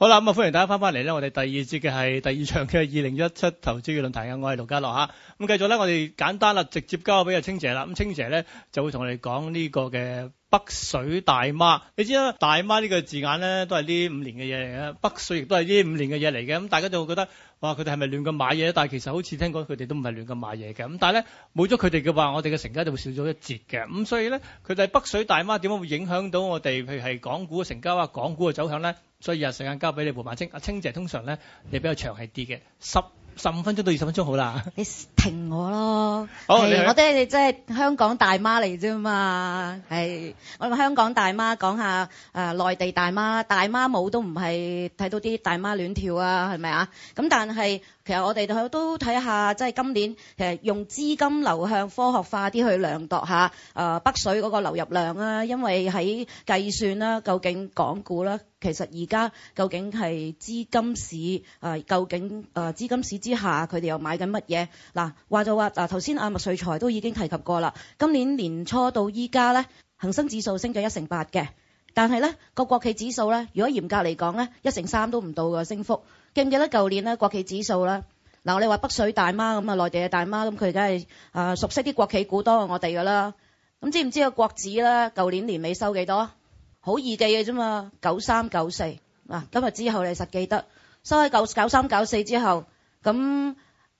好啦，咁啊，歡迎大家翻翻嚟咧。我哋第二節嘅係第二場嘅二零一七投資嘅論壇啊，我係盧家樂嚇。咁繼續咧，我哋簡單啦，直接交俾阿清姐啦。咁清姐咧就會同你講呢個嘅北水大媽。你知啦，大媽呢個字眼咧都係呢五年嘅嘢嚟嘅，北水亦都係呢五年嘅嘢嚟嘅。咁大家就會覺得哇，佢哋係咪亂咁買嘢？但係其實好似聽講佢哋都唔係亂咁買嘢嘅。咁但係咧，冇咗佢哋嘅話，我哋嘅成交就會少咗一截嘅。咁所以咧，佢哋係北水大媽點樣會影響到我哋？譬如係港股嘅成交啊，港股嘅走向咧？所以啊，時間交俾你胡孟青，阿清姐通常咧你比較長氣啲嘅，十十五分鐘到二十分鐘好啦，你停我咯，我哋你真係香港大媽嚟啫嘛，係我哋香港大媽講下、呃、內地大媽，大媽舞都唔係睇到啲大媽亂跳啊，係咪啊？咁但係。其實我哋都睇下，即、就、係、是、今年用資金流向科學化啲去量度下，誒、呃、北水嗰個流入量啦、啊，因為喺計算啦、啊，究竟港股啦、啊，其實而家究竟係資金市、啊、究竟誒、呃、資金市之下佢哋又買緊乜嘢？嗱、啊、話就話嗱，頭先阿麥萃才都已經提及過啦，今年年初到而家呢，恒生指數升咗一成八嘅，但係呢個國企指數呢，如果嚴格嚟講呢，一成三都唔到嘅升幅。記唔記得舊年咧國企指數啦？嗱，我哋話北水大媽咁啊，內地嘅大媽咁佢梗係啊熟悉啲國企股多過我哋噶啦。咁知唔知個國指咧？舊年年尾收幾多？好易記嘅啫嘛，九三九四嗱。今日之後你實記得收喺九九三九四之後，咁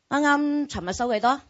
啱啱尋日收幾多？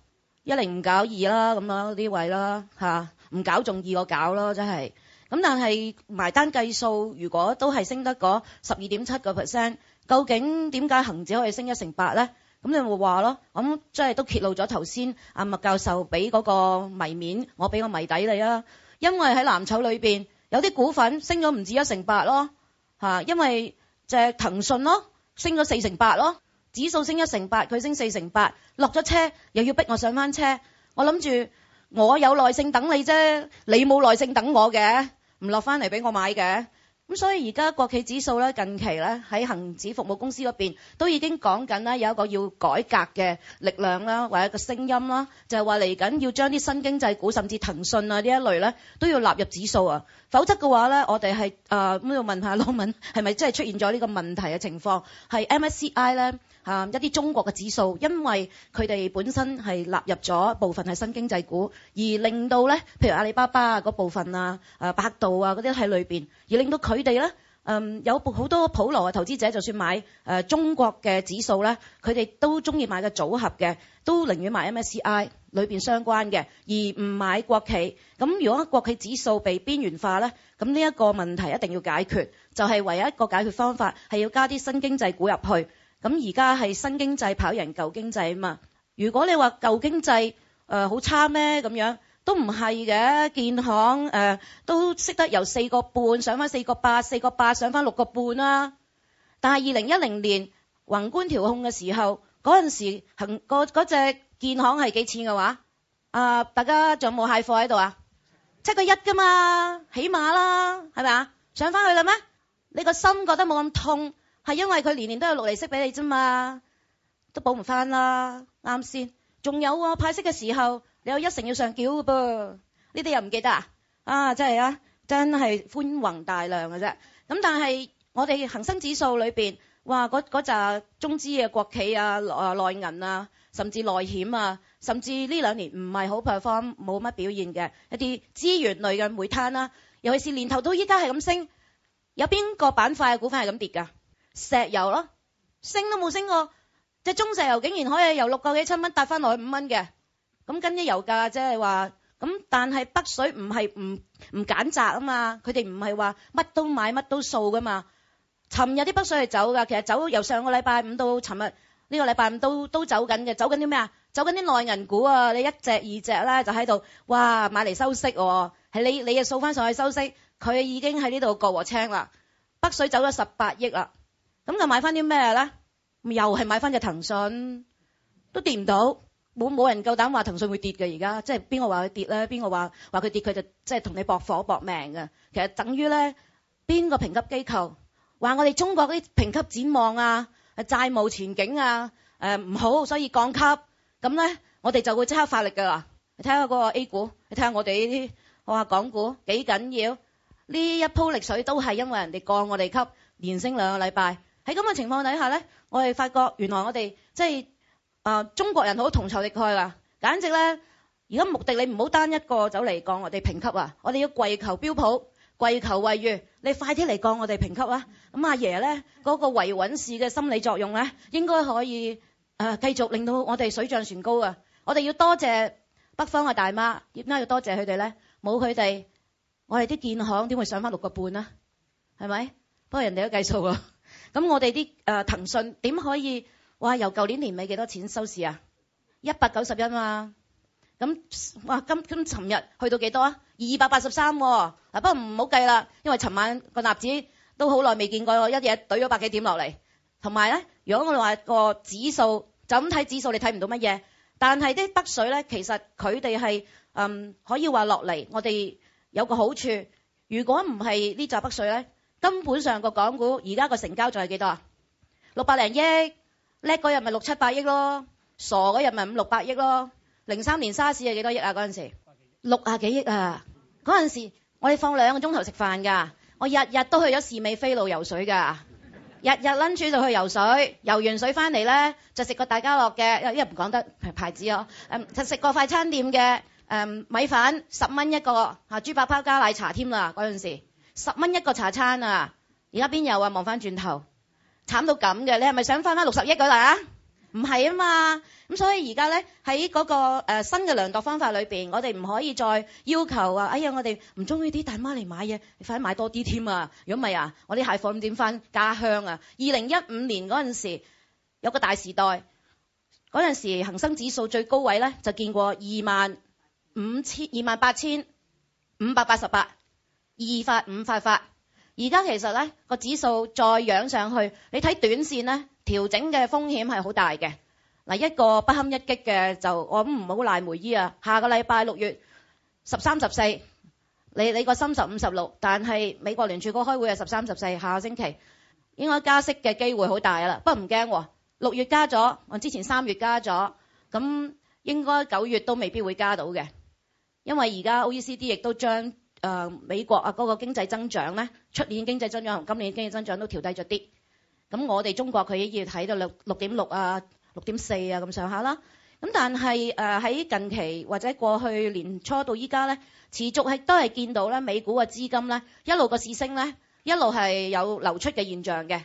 一零九二啦，咁樣啲位啦嚇，唔搞仲二個搞咯，真係咁。但係埋單計數，如果都係升得嗰十二點七個 percent。究竟點解恒指可以升一成八呢？咁你會話囉，咁真係都揭露咗頭先阿麥教授俾嗰個謎面，我俾個謎底你啦。因為喺藍籌裏面，有啲股份升咗唔止一成八囉。因為淨係騰訊囉，升咗四成八囉，指數升一成八，佢升四成八，落咗車又要逼我上返車，我諗住我有耐性等你啫，你冇耐性等我嘅，唔落返嚟俾我買嘅。咁所以而家國企指數近期在喺恆指服務公司嗰邊都已經講緊有一個要改革嘅力量啦，或者一個聲音啦，就係話嚟緊要將啲新經濟股，甚至騰訊啊呢一類都要納入指數啊。否則嘅話我哋係啊，咁要問一下老文，係咪真係出現咗呢個問題嘅情況？係 MSCI 呢？啊！一啲中國嘅指數，因為佢哋本身係納入咗部分係新經濟股，而令到咧，譬如阿里巴巴嗰部分啊、誒、啊、百度啊嗰啲喺裏邊，而令到佢哋咧，嗯，有好多普羅嘅投資者，就算買誒、啊、中國嘅指數咧，佢哋都中意買嘅組合嘅，都寧願買 MSCI 裏邊相關嘅，而唔買國企。咁如果國企指數被邊緣化咧，咁呢一個問題一定要解決，就係、是、唯一一個解決方法係要加啲新經濟股入去。咁而家係新經濟跑贏舊經濟啊嘛！如果你話舊經濟誒好、呃、差咩咁樣，都唔係嘅。建行誒都識得由四個半上翻四個八，四個八上翻六個半啦、啊。但係二零一零年宏觀調控嘅時候，嗰陣時嗰隻建行係幾錢嘅話？啊、呃，大家仲有冇蟹貨喺度啊？七個一㗎嘛，起碼啦，係咪啊？上翻去啦咩？你個心覺得冇咁痛。係因為佢年年都有六厘息俾你啫嘛，都補唔翻啦。啱先仲有啊，派息嘅時候你有一成要上繳嘅噃，呢啲又唔記得啊？啊，真係啊，真係寬宏大量嘅啫。咁但係我哋恒生指數裡邊，哇，嗰嗰扎中資嘅國企啊、啊內銀啊，甚至內險啊，甚至呢兩年唔係好 perform 冇乜表現嘅一啲資源類嘅煤炭啦，尤其是年頭到依家係咁升，有邊個板塊嘅股份係咁跌噶？石油咯，升都冇升過。中石油竟然可以由六個幾七蚊搭翻落去五蚊嘅，咁跟啲油價即係話咁。但係北水唔係唔唔揀擇啊嘛，佢哋唔係話乜都買乜都掃噶嘛。尋日啲北水係走噶，其實走由上個禮拜五到尋日呢個禮拜五都都走緊嘅，走緊啲咩啊？走緊啲內銀股啊！你一隻二隻啦，就喺度哇買嚟收息、哦，喎。你你又掃翻上去收息，佢已經喺呢度割禾青啦。北水走咗十八億啦。咁就買翻啲咩咧？又係買翻隻騰訊，都跌唔到，冇冇人夠膽話騰訊會跌嘅，而家即係邊個話佢跌咧？邊個話話佢跌佢就即係同你搏火搏命嘅。其實等於咧，邊個評級機構話我哋中國啲評級展望啊、債務前景啊呃、唔好，所以降級。咁咧，我哋就會即刻發力㗎啦。你睇下個 A 股，你睇下我哋呢啲，我話港股幾緊要？呢一鋪力水都係因為人哋降我哋級，連升兩個禮拜。喺咁嘅情況底下咧，我哋發覺原來我哋即係啊、呃、中國人好同仇敵愾㗎，簡直咧而家目的你唔好單一個走嚟降我哋評級啊！我哋要跪求標普，跪求惠譽，你快啲嚟降我哋評級啦！咁阿爺咧嗰個維穩市嘅心理作用咧，應該可以誒繼、呃、續令到我哋水漲船高啊！我哋要多謝北方嘅大媽，要點解要多謝佢哋咧？冇佢哋，我哋啲建行點會上翻六個半啊？係咪？不過人哋都計數啊！咁我哋啲誒騰訊點可以哇？由舊年年尾幾多錢收市啊？一百九十一嘛。咁哇，今今尋日去到幾多、哦、啊？二百八十三喎。不過唔好計啦，因為尋晚個納指都好耐未見過，一嘢懟咗百幾點落嚟。同埋咧，如果我哋話個指數就咁睇指數，指數你睇唔到乜嘢。但係啲北水咧，其實佢哋係嗯可以話落嚟。我哋有個好處，如果唔係呢集北水咧。根本上個港股而家個成交就係幾多啊？六百零億，叻嗰日咪六七百億咯，傻嗰日咪五六百億咯。零三年沙士係幾多億啊？嗰陣時六啊幾億啊！嗰陣時我哋放兩個鐘頭食飯㗎，我日日都去咗士美飛路游水㗎，日日撚住就去游水，游完水翻嚟咧就食個大家樂嘅，因為唔講得牌子咯，誒就食個快餐店嘅誒米粉十蚊一個嚇，豬扒包加奶茶添啦嗰陣時。十蚊一個茶餐啊！而家邊有啊？望翻轉頭，慘到咁嘅，你係咪想翻翻六十億啦？唔係啊嘛，咁所以而家咧喺嗰個新嘅量度方法裏面，我哋唔可以再要求啊！哎呀，我哋唔中意啲大媽嚟買嘢，你快啲買多啲添啊！如果唔係啊，我啲蟹貨點翻家鄉啊？二零一五年嗰陣時有個大時代，嗰陣時恆生指數最高位咧就見過二萬五千、二萬八千五百八十八。二發五發發而家其實呢個指數再揚上去，你睇短線呢調整嘅風險係好大嘅。嗱，一個不堪一擊嘅就我諗唔好賴梅姨啊！下個禮拜六月十三十四，你你個三十五十六，但係美國聯儲局開會係十三十四，下星期應該加息嘅機會好大啊啦！不過唔驚，六月加咗，我之前三月加咗，咁應該九月都未必會加到嘅，因為而家 OECD 亦都將。誒、呃、美國啊，嗰、嗰個經濟增長咧，出年經濟增長同今年經濟增長都調低咗啲。咁我哋中國佢要睇到六六點六啊，六點四啊咁上下啦。咁但係誒喺近期或者過去年初到依家咧，持續係都係見到咧美股嘅資金咧一路個市升咧，一路係有流出嘅現象嘅。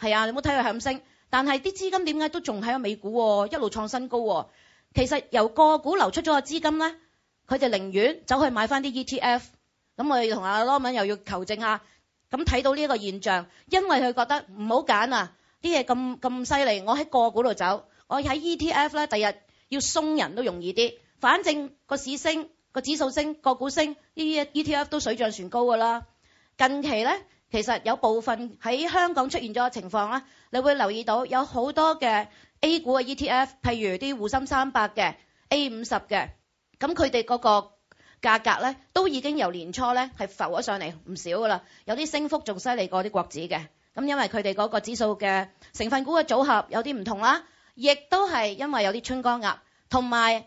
係啊，你冇睇佢係咁升，但係啲資金點解都仲喺美股一路創新高？其實由個股流出咗嘅資金咧，佢就寧願走去買翻啲 ETF。咁我哋同阿羅文又要求證下，咁睇到呢一個現象，因為佢覺得唔好揀啊，啲嘢咁咁犀利，我喺個股度走，我喺 ETF 咧，第日，日要鬆人都容易啲，反正個市升，個指數升，個股升，呢啲 ETF 都水漲船高噶啦。近期咧，其實有部分喺香港出現咗情況啦，你會留意到有好多嘅 A 股嘅 ETF，譬如啲滬深三百嘅 A 五十嘅，咁佢哋嗰個，價格咧都已經由年初咧係浮咗上嚟唔少噶啦，有啲升幅仲犀利過啲國指嘅。咁因為佢哋嗰個指數嘅成分股嘅組合有啲唔同啦，亦都係因為有啲春江鴨，同埋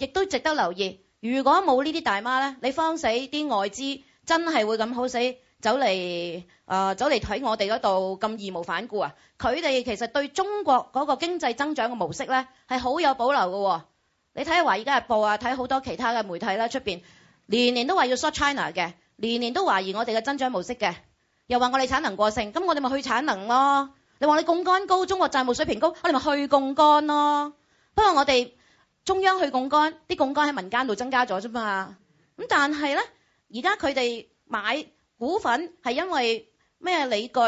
亦都值得留意。如果冇呢啲大媽咧，你放死啲外資真係會咁好死走嚟、呃、走嚟睇我哋嗰度咁義無反顧啊！佢哋其實對中國嗰個經濟增長嘅模式咧係好有保留嘅、哦。你睇下《華爾街日報》啊，睇好多其他嘅媒體啦、啊，出面。年年都話要 short China 嘅，年年都懷疑我哋嘅增長模式嘅，又話我哋產能過剩，咁我哋咪去產能咯。你話你槓桿高，中國債務水平高，我哋咪去槓桿咯。不過我哋中央去槓桿，啲槓桿喺民間度增加咗啫嘛。咁但係咧，而家佢哋買股份係因為咩理據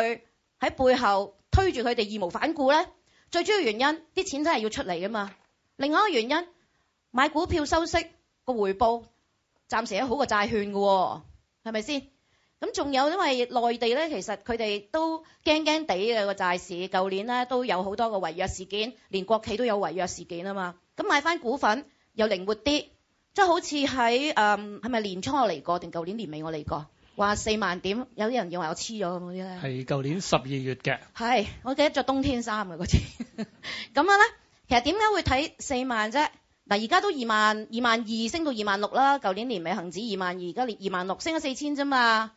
喺背後推住佢哋義無反顧咧？最主要原因啲錢真係要出嚟㗎嘛。另外一個原因買股票收息個回報。暫時有好過債券嘅喎，係咪先？咁仲有因為內地咧，其實佢哋都驚驚地嘅個債市，舊年咧都有好多個違約事件，連國企都有違約事件啊嘛。咁買翻股份又靈活啲，即係好似喺誒係咪年初我嚟過定舊年年尾我嚟過，話四萬點，有啲人以為我黐咗咁嗰啲咧。係舊年十二月嘅。係，我記得着冬天衫嘅嗰次。咁 樣咧，其實點解會睇四萬啫？嗱，而家都二萬二萬二升到二萬六啦，舊年年尾恒指二萬二，而家年二萬六，升咗四千啫嘛。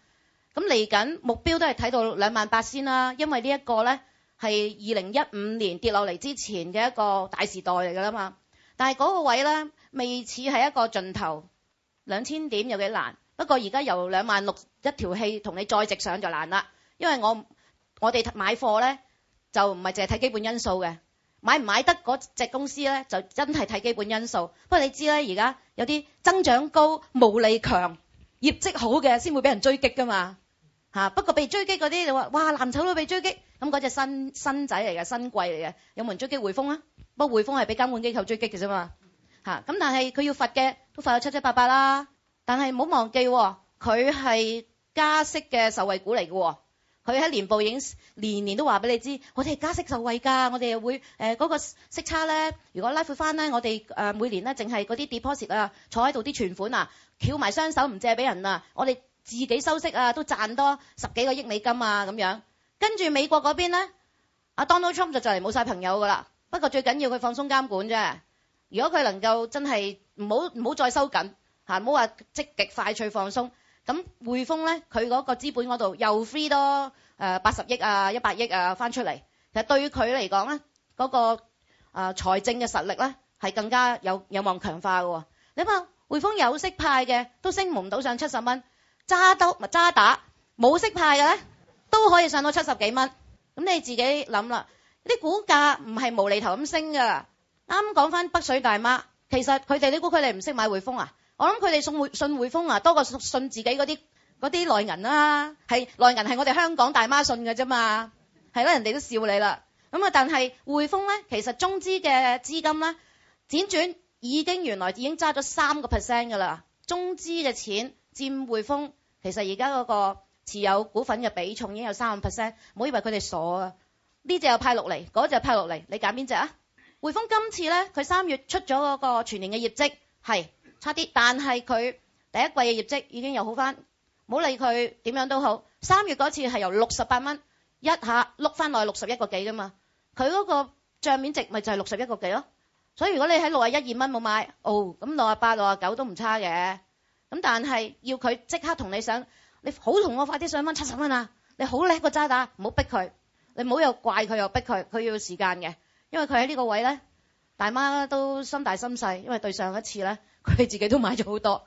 咁嚟緊目標都係睇到兩萬八先啦，因為呢一個咧係二零一五年跌落嚟之前嘅一個大時代嚟噶啦嘛。但係嗰個位咧未似係一個盡頭，兩千點有幾難。不過而家由兩萬六一條氣同你再直上就難啦，因為我我哋買貨咧就唔係淨係睇基本因素嘅。買唔買得嗰隻公司呢，就真係睇基本因素。不過你知啦，而家有啲增長高、毛利強、業績好嘅，先會俾人追擊㗎嘛。不過被追擊嗰啲你話，哇，爛炒都俾追擊。咁嗰隻新仔嚟嘅，新貴嚟嘅，有冇人追擊匯豐啊？不過匯豐係俾監管機構追擊嘅啫嘛。嚇、嗯，咁、啊、但係佢要罰嘅都罰到七七八八啦。但係唔好忘記、哦，喎，佢係加息嘅受惠股嚟嘅喎、哦。佢喺年報已經年年都話俾你知，我哋加息受惠㗎，我哋又會嗰、呃嗰個息差咧，如果拉闊翻咧，我哋每年咧淨係嗰啲 deposit 啊，坐喺度啲存款啊，翹埋雙手唔借俾人啊，我哋自己收息啊都賺多十幾個億美金啊咁樣。跟住美國嗰邊咧，阿 Donald Trump 就就嚟冇晒朋友㗎啦。不過最緊要佢放鬆監管啫。如果佢能夠真係唔好唔好再收緊吓，唔好話積極快脆放鬆。咁匯豐咧，佢嗰個資本嗰度又 free 多誒八十億啊、一百億啊翻出嚟，其實對於佢嚟講咧，嗰個誒財政嘅實力咧係更加有有望強化嘅喎。你話匯豐有息派嘅都升唔到上七十蚊，揸兜咪揸打，冇息派嘅咧都可以上到七十幾蚊。咁你自己諗啦，啲股價唔係無厘頭咁升嘅。啱講翻北水大媽，其實佢哋你估佢哋唔識買匯豐啊。我諗佢哋信匯信匯豐啊，多過信自己嗰啲嗰啲內銀啦。係內銀係我哋香港大媽信嘅啫嘛，係啦，人哋都笑你啦。咁啊，但係匯豐咧，其實中資嘅資金咧，輾轉已經原來已經揸咗三個 percent 噶啦。中資嘅錢佔匯豐，其實而家嗰個持有股份嘅比重已經有三個 percent。唔好以為佢哋傻啊，呢隻又派六厘，嗰隻又派六厘，你揀邊隻啊？匯豐今次咧，佢三月出咗嗰個全年嘅業績係。差啲，但係佢第一季嘅業績已經又好翻。唔好理佢點樣都好，三月嗰次係由六十八蚊一下碌翻落去六十一個幾㗎嘛。佢嗰個帳面值咪就係六十一個幾咯。所以如果你喺六啊一二蚊冇買，哦咁六啊八六啊九都唔差嘅。咁但係要佢即刻同你上，你好同我快啲上翻七十蚊啊！你好叻個、啊、渣打，唔好逼佢，你唔好又怪佢又逼佢，佢要時間嘅，因為佢喺呢個位咧，大媽都心大心細，因為對上一次咧。佢自己都買咗好多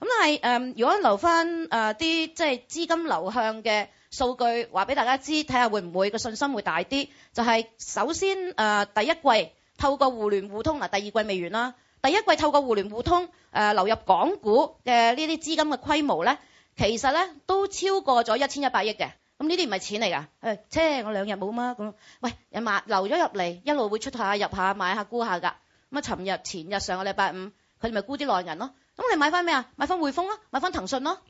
但係誒。如果留翻誒啲即係資金流向嘅數據，話俾大家知，睇下會唔會個信心會大啲。就係、是、首先誒、呃、第一季透過互聯互通嗱、呃，第二季未完啦。第一季透過互聯互通誒、呃、流入港股嘅呢啲資金嘅規模咧，其實咧都超過咗一千一百億嘅。咁呢啲唔係錢嚟㗎，誒、哎，車我兩日冇嘛？咁喂有埋流咗入嚟，一路會出一下入一下買下沽下㗎。咁啊，尋日前日上個禮拜五。佢咪沽啲內銀咯、啊，咁你買翻咩啊？買翻匯豐咯，買翻騰訊咯、啊，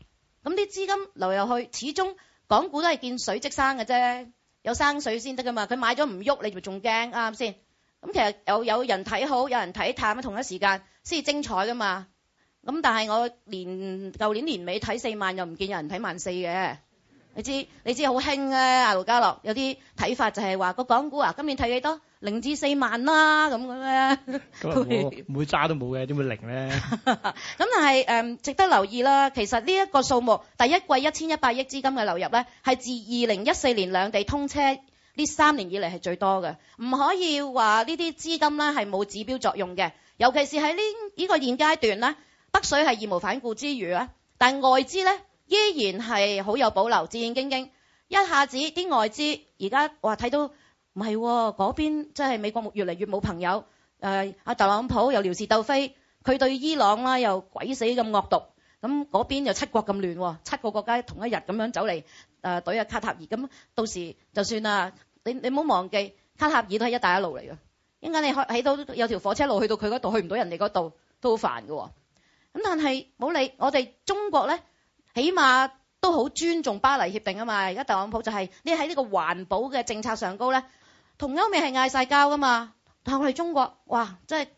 咁啲資金流入去，始終港股都係見水即生嘅啫，有生水先得噶嘛。佢買咗唔喐，你就仲驚啱先？咁其實有有人睇好，有人睇淡，同一時間先精彩噶嘛。咁但係我年舊年年尾睇四萬，又唔見有人睇萬四嘅。你知你知好興啊，阿盧嘉樂有啲睇法就係話個港股啊，今年睇幾多？至我 零至四萬啦，咁嘅咩？冇冇揸都冇嘅，點會零咧？咁但係誒，值得留意啦。其實呢一個數目，第一季一千一百億資金嘅流入咧，係自二零一四年兩地通車呢三年以嚟係最多嘅。唔可以話呢啲資金咧係冇指標作用嘅，尤其是喺呢呢個現階段咧，北水係義無反顧之餘啊。但係外資咧。依然係好有保留，戰戰兢兢。一下子啲外資而家話睇到唔係嗰邊，即係、哦、美國越嚟越冇朋友。誒、呃，阿特朗普又撩事鬥非，佢對伊朗啦又鬼死咁惡毒。咁嗰邊又七國咁亂，七個國家同一日咁樣走嚟誒，懟、呃、卡塔爾。咁到時就算啦，你你唔好忘記卡塔爾都係一帶一路嚟嘅，應該你開喺度有條火車路去到佢嗰度，去唔到人哋嗰度都好煩喎。咁但係冇理，我哋中國咧。起碼都好尊重巴黎協定啊嘛，而家特朗普就係、是、你喺呢個環保嘅政策上高咧，同歐美係嗌晒交噶嘛，但我哋中國哇，真係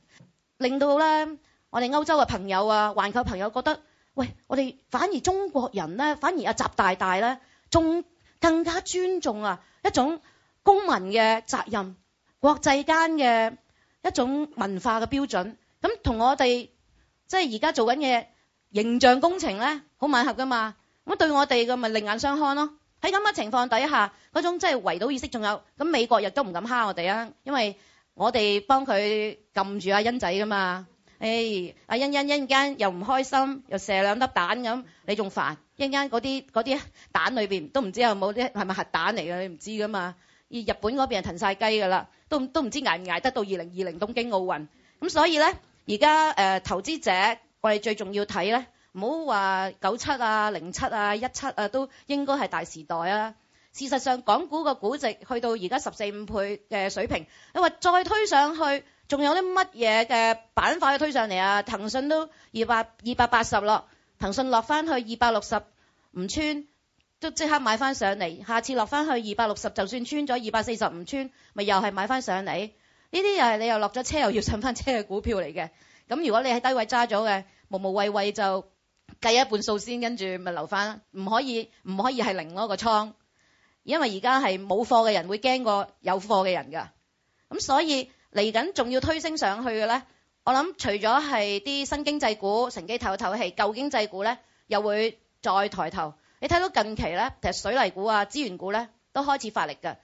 令到咧我哋歐洲嘅朋友啊、環球朋友覺得，喂，我哋反而中國人咧，反而阿習大大咧，仲更加尊重啊一種公民嘅責任、國際間嘅一種文化嘅標準，咁同我哋即係而家做緊嘢形象工程呢，好吻合㗎嘛？咁對我哋嘅咪另眼相看囉。喺咁嘅情況底下，嗰種真係圍堵意識仲有，咁美國亦都唔敢蝦我哋啊，因為我哋幫佢撳住阿欣仔㗎嘛。誒、哎，阿欣欣欣間又唔開心，又射兩粒蛋咁，你仲煩？欣間嗰啲嗰啲蛋裏面都唔知道有冇啲係咪核彈嚟嘅，你唔知㗎嘛？而日本嗰邊騰曬雞㗎啦，都唔知捱唔捱得到二零二零東京奧運。咁所以咧，而家、呃、投資者。我哋最重要睇呢，唔好話九七啊、零七啊、一七啊，都應該係大時代啊。事實上，港股個估值去到而家十四五倍嘅水平，你話再推上去，仲有啲乜嘢嘅板塊去推上嚟啊？騰訊都二百二百八十咯，騰訊落返去二百六十唔穿，都即刻買返上嚟。下次落返去二百六十，就算穿咗二百四十唔穿，咪又係買返上嚟。呢啲又係你又落咗車又要上返車嘅股票嚟嘅。咁如果你喺低位揸咗嘅，無無畏畏就計一半數先，跟住咪留翻。唔可以唔可以係另一個倉，因為而家係冇貨嘅人會驚過有貨嘅人㗎。咁所以嚟緊仲要推升上去嘅咧，我諗除咗係啲新經濟股乘機透一透氣，舊經濟股咧又會再抬頭。你睇到近期咧，其實水泥股啊、資源股咧都開始發力㗎。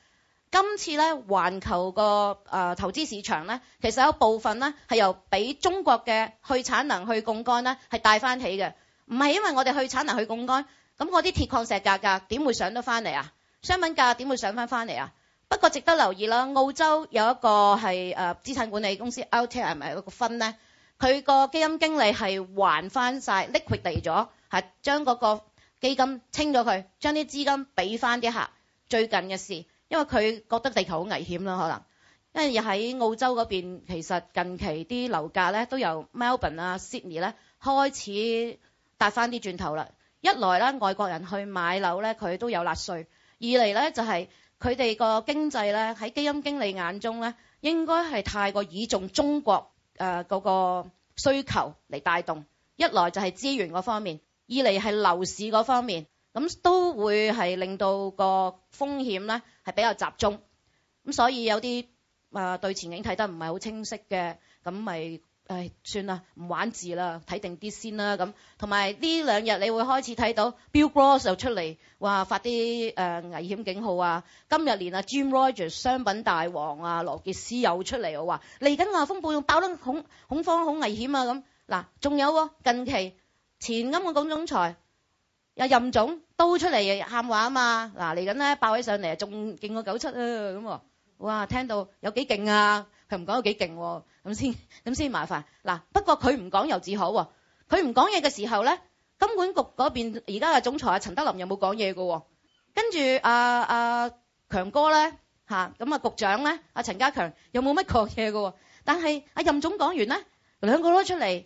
今次咧，環球個誒、呃、投資市場咧，其實有部分咧係由俾中國嘅去產能去槓桿咧，係帶翻起嘅。唔係因為我哋去產能去槓桿，咁我啲鐵礦石價格點會上得翻嚟啊？商品價點會上翻翻嚟啊？不過值得留意啦，澳洲有一個係誒資產管理公司，Altair 係咪有個 fund 咧？佢個基金經理係還翻晒 liquid 嚟咗，係將嗰個基金清咗佢，將啲資金俾翻啲客。最近嘅事。因為佢覺得地球好危險啦，可能因為喺澳洲嗰邊，其實近期啲樓價咧都由 Melbourne 啊 Sydney 咧開始搭返啲轉頭啦。一來咧，外國人去買樓咧，佢都有納稅；二嚟咧就係佢哋個經濟咧喺基金經理眼中咧應該係太過倚重中國誒嗰、呃那個需求嚟帶動。一來就係資源嗰方面，二嚟係樓市嗰方面，咁都會係令到個風險咧。係比較集中，咁所以有啲啊對前景睇得唔係好清晰嘅，咁咪誒算啦，唔玩字啦，睇定啲先啦咁。同埋呢兩日你會開始睇到 Bill Gross 又出嚟話發啲誒、呃、危險警號啊。今日連阿 Jim Rogers 商品大王啊羅傑斯又出嚟，我話嚟緊亞風暴用爆得恐恐慌好危險啊咁。嗱，仲有近期前金管局總裁。阿任總都出嚟喊話啊嘛，嗱，嚟緊咧爆起上嚟，仲勁過九七啊咁喎，哇聽到有幾勁啊，佢唔講有幾勁咁先，咁先麻煩嗱。不過佢唔講又至好，佢唔講嘢嘅時候咧，金管局嗰邊而家嘅總裁阿陳德林有冇講嘢噶？跟住阿阿強哥咧吓，咁啊局長咧阿陳家強有冇乜講嘢噶？但係阿任總講完咧，兩個都出嚟，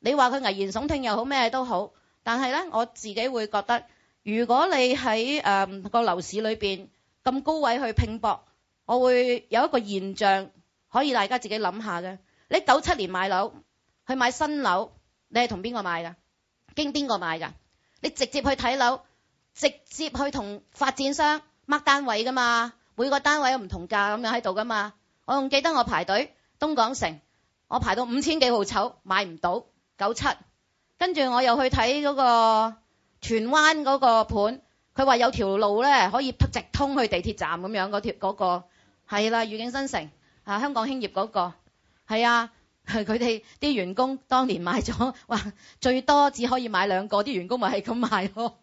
你話佢危言聳聽又好，咩都好。但係咧，我自己會覺得，如果你喺誒、呃嗰個樓市裏面咁高位去拼搏，我會有一個現象可以大家自己諗下嘅。你九七年買樓去買新樓，你係同邊個買㗎？經邊個買㗎？你直接去睇樓，直接去同發展商 mark 單位㗎嘛？每個單位有唔同價咁樣喺度㗎嘛？我仲記得我排隊東港城，我排到五千幾號籌買唔到九七。97。跟住我又去睇嗰個荃灣嗰個盤，佢話有條路咧可以直通去地鐵站咁樣。嗰條嗰個係啦，御、那個、景新城啊，香港興業嗰、那個係啊，佢哋啲員工當年買咗，話最多只可以買兩個，啲員工咪係咁買咯、啊。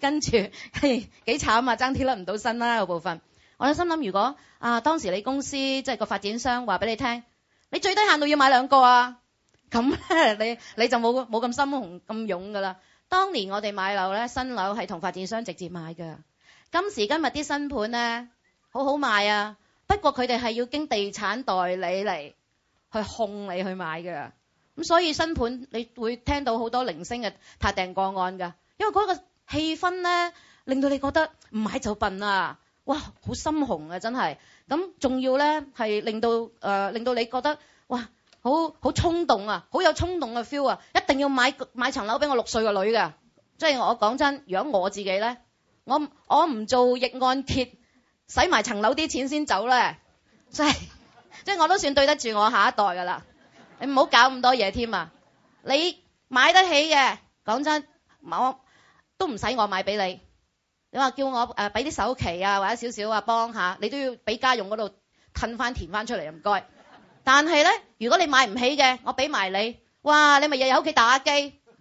跟住係幾慘啊，爭啲甩唔到身啦嗰、那個、部分。我心諗，如果啊當時你公司即係、就是、個發展商話俾你聽，你最低限度要買兩個啊。咁咧，你你就冇冇咁心雄咁勇噶啦。當年我哋買樓咧，新樓係同發展商直接買噶。今時今日啲新盤咧，好好賣啊。不過佢哋係要經地產代理嚟去控你去買噶。咁所以新盤你會聽到好多零星嘅撻訂個案噶，因為嗰個氣氛咧，令到你覺得唔買就笨啊！哇，好心雄啊，真係。咁仲要咧，係令到誒，令到你覺得哇～好好衝動啊，好有衝動嘅 feel 啊，一定要買買層樓俾我六歲嘅女㗎。即係我講真，如果我自己咧，我我唔做逆按揭，使埋層樓啲錢先走咧，即係即係我都算對得住我下一代噶啦。你唔好搞咁多嘢添啊！你買得起嘅，講真，我都唔使我買俾你。你話叫我誒俾啲首期啊，或者少少啊，幫下你都要俾家用嗰度褪翻填翻出嚟，唔該。但係咧，如果你買唔起嘅，我俾埋你，哇！你咪日日屋企打機。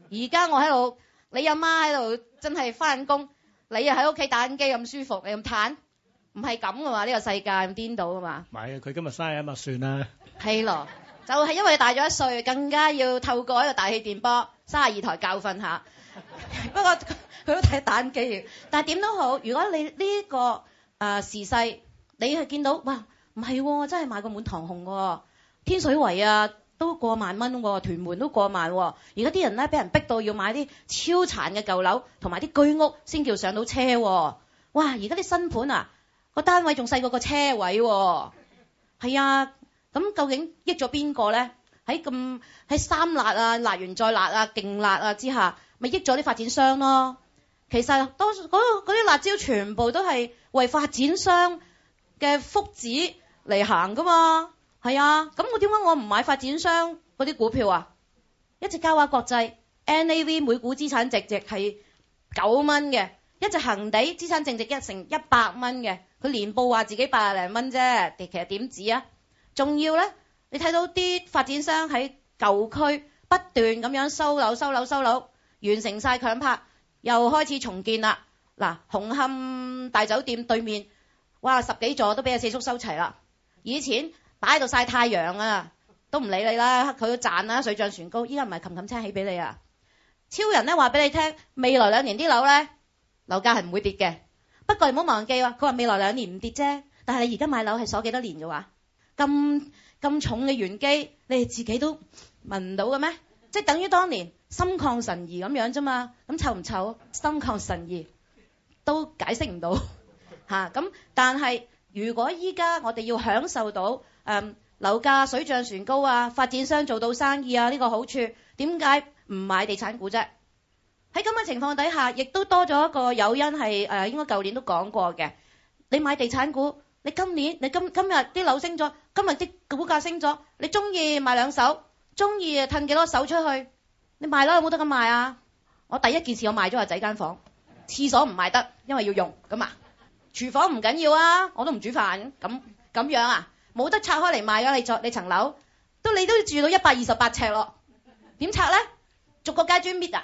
而家我喺度，你阿媽喺度，真係翻緊工，你又喺屋企打緊機咁舒服，又咁攤，唔係咁㗎嘛？呢、呢個世界咁顛倒㗎嘛？唔佢、啊、今日生日啊嘛，算啦。係咯，就係、係、因為你大咗一歲，更加要透過一個大氣電波三十二台教訓下。 不過佢都睇打機，但係點都好，如果你呢、呢個啊、呃、時勢，你去見到哇，唔係喎，真係買個滿堂紅喎。天水圍啊，都過萬蚊喎，哦，屯門都過萬喎，哦。而家啲人咧，俾人逼到要買啲超殘嘅舊樓同埋啲居屋先叫上到車喎，哦。哇！而家啲新盤啊，個單位仲細過個車位喎。係啊，咁、啊、究竟益咗邊個咧？喺咁喺三辣啊、辣完再辣啊、勁辣啊之下，咪益咗啲發展商咯。其實當嗰嗰啲辣椒全部都係為發展商嘅福祉嚟行㗎嘛。係啊，咁我點解我唔買發展商嗰啲股票啊？一隻嘉華國際 N.A.V 每股資產淨值係九蚊嘅，一隻恆地資產淨值一成一百蚊嘅，佢年報話自己百零蚊啫，其實點止啊？仲要呢，你睇到啲發展商喺舊區不斷咁樣收樓、收樓、收樓，完成曬強拍，又開始重建啦。嗱，紅磡大酒店對面，哇，十幾座都俾阿四叔收齊啦。以前。擺喺度曬太陽啊，都唔理你啦，佢都賺啦，水漲船高。依家唔係冚冚車起俾你啊！超人咧話俾你聽，未來兩年啲樓咧，樓價係唔會跌嘅。不過唔好忘記，佢話未來兩年唔跌啫。但係你而家買樓係鎖幾多年嘅話，咁咁重嘅玄機，你哋自己都聞唔到嘅咩？即係等於當年心曠神怡咁樣啫嘛。咁臭唔臭？心曠神怡都解釋唔到吓。咁、 啊、但係如果依家我哋要享受到，誒樓價水漲船高啊！發展商做到生意啊！呢、這個好處點解唔買地產股啫？喺咁嘅情況底下，亦都多咗一個誘因係誒、呃，應該舊年都講過嘅。你買地產股，你今年你今今日啲樓升咗，今日啲股價升咗，你中意買兩手，中意啊褪幾多手出去，你賣樓有冇得咁賣啊？我第一件事我賣咗阿仔間房，廁所唔賣得，因為要用咁啊。廚房唔緊要啊，我都唔煮飯咁咁樣啊。冇得拆開嚟賣咗，你座你層樓都你都住到一百二十八尺咯，點拆咧？逐個街磚搣啊！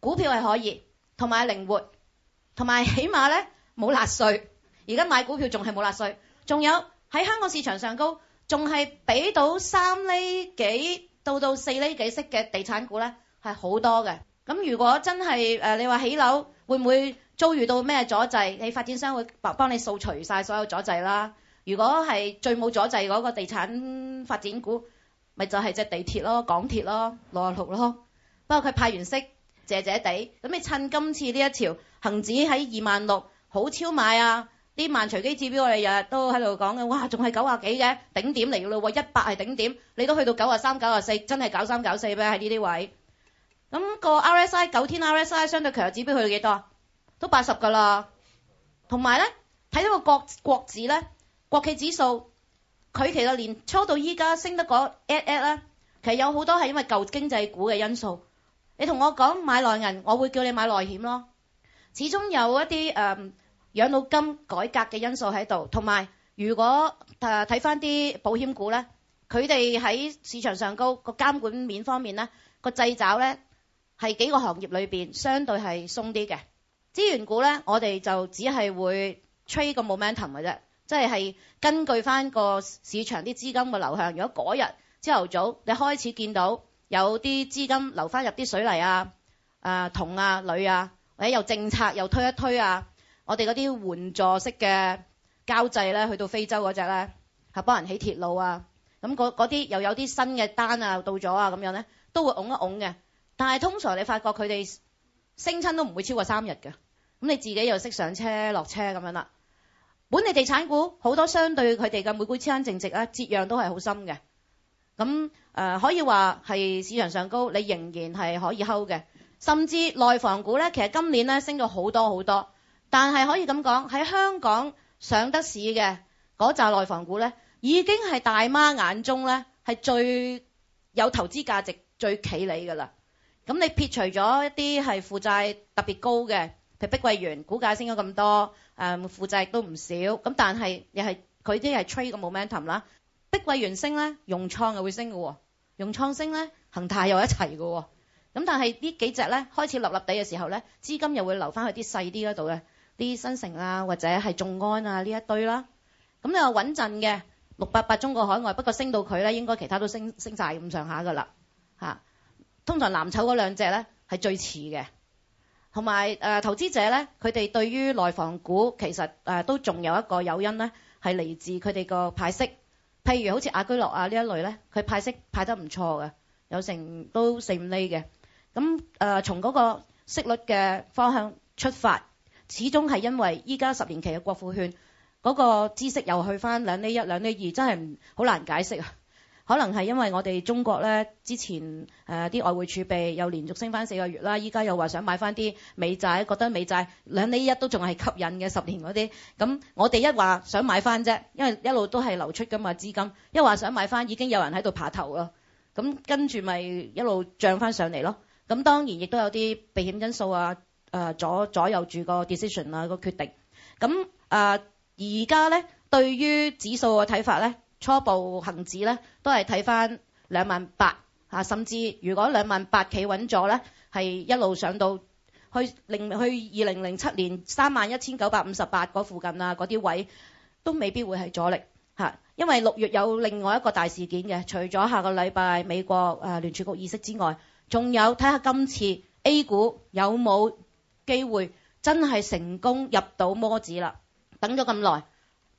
股票係可以，同埋靈活，同埋起碼咧冇納稅。而家買股票仲係冇納稅，仲有喺香港市場上高，仲係俾到三厘幾到到四厘幾息嘅地產股咧，係好多嘅。咁如果真係誒你話起樓，會唔會遭遇到咩阻滯？你發展商會幫你掃除晒所有阻滯啦。如果係最冇阻滯嗰個地產發展股，咪就係、是、隻地鐵咯、港鐵咯、六六六咯。不過佢派完息，藉藉地，咁你趁今次呢一條恒指喺二萬六，好超買啊！啲慢隨機指標我哋日日都喺度講嘅，哇，仲係九啊幾嘅頂點嚟㗎啦！喎，一百係頂點，你都去到九啊三、九啊四，真係搞三搞四咩？喺呢啲位，咁個 RSI 九天 RSI 相對強弱指標去到幾多啊？都八十㗎啦。同埋咧，睇到個國國指咧。國企指數佢其實年初到依家升得嗰 at a 啦，其實有好多係因為舊經濟股嘅因素。你同我講買內銀我會叫你買內險咯。始終有一啲誒養老金改革嘅因素喺度，同埋如果誒睇翻啲保險股咧，佢哋喺市場上高個監管面方面咧，個掣肘咧係幾個行業裏邊相對係鬆啲嘅資源股咧，我哋就只係會吹個 momentum 嘅，um，啫。即係根據翻個市場啲資金嘅流向，如果嗰日朝頭早你開始見到有啲資金流翻入啲水泥啊、啊銅啊、鋁啊，或者有政策又推一推啊，我哋嗰啲援助式嘅交際呢，去到非洲嗰隻呢，係幫人起鐵路啊，咁嗰啲又有啲新嘅單啊到咗啊咁樣呢，都會㧬一㧬嘅。但係通常你發覺佢哋升親都唔會超過三日嘅，咁你自己又識上車落車咁樣啦。本地地產股好多相對佢哋嘅每股資產淨值咧，折讓都係好深嘅。咁誒、呃，可以話係市場上高，你仍然係可以 hold 嘅。甚至內房股咧，其實今年咧升咗好多好多，但係可以咁講，喺香港上得市嘅嗰扎內房股咧，已經係大媽眼中咧係最有投資價值、最企理噶啦。咁你撇除咗一啲係負債特別高嘅。碧桂園，股價升咗咁多、嗯，負債亦都唔少，咁但係又係佢啲係吹個 momentum 啦。碧桂園升咧，融創又會升嘅喎、哦，融創升咧，恒大又一齊嘅喎，咁但係呢幾隻咧開始立立地嘅時候咧，資金又會留翻去啲細啲嗰度嘅，啲新城啊或者係眾安啊呢一堆啦。咁你話穩陣嘅六八八中國海外，不過升到佢咧，應該其他都升升曬咁上下㗎啦。通常藍籌嗰兩隻咧係最遲嘅。同埋誒投資者咧，佢哋對於內房股其實誒、啊、都仲有一個誘因咧，係嚟自佢哋個派息。譬如好似亞居樂啊呢一類咧，佢派息派得唔錯嘅，有成都四五厘嘅。咁誒、啊、從嗰個息率嘅方向出發，始終係因為依家十年期嘅國庫券嗰、那個孳息又去翻兩厘一兩厘二，真係好難解釋啊！可能係因為我哋中國咧，之前誒啲外匯儲備又連續升翻四個月啦，依家又話想買翻啲美債，覺得美債兩釐一都仲係吸引嘅十年嗰啲。咁我哋一話想買翻啫，因為一路都係流出噶嘛資金，一話想買翻已經有人喺度爬頭咯。咁跟住咪一路漲翻上嚟咯。咁當然亦都有啲避險因素啊，誒、呃、左左右住個 decision 啊個決定。咁啊，而家咧對於指數嘅睇法咧？初步恆指咧都係睇翻兩萬八，甚至如果兩萬八企穩咗咧，係一路上到去零去二零零七年三萬一千九百五十八嗰附近啊，嗰啲位都未必會係阻力吓，因為六月有另外一個大事件嘅，除咗下個禮拜美國誒聯儲局議息之外，仲有睇下今次 A 股有冇機會真係成功入到摩指啦，等咗咁耐。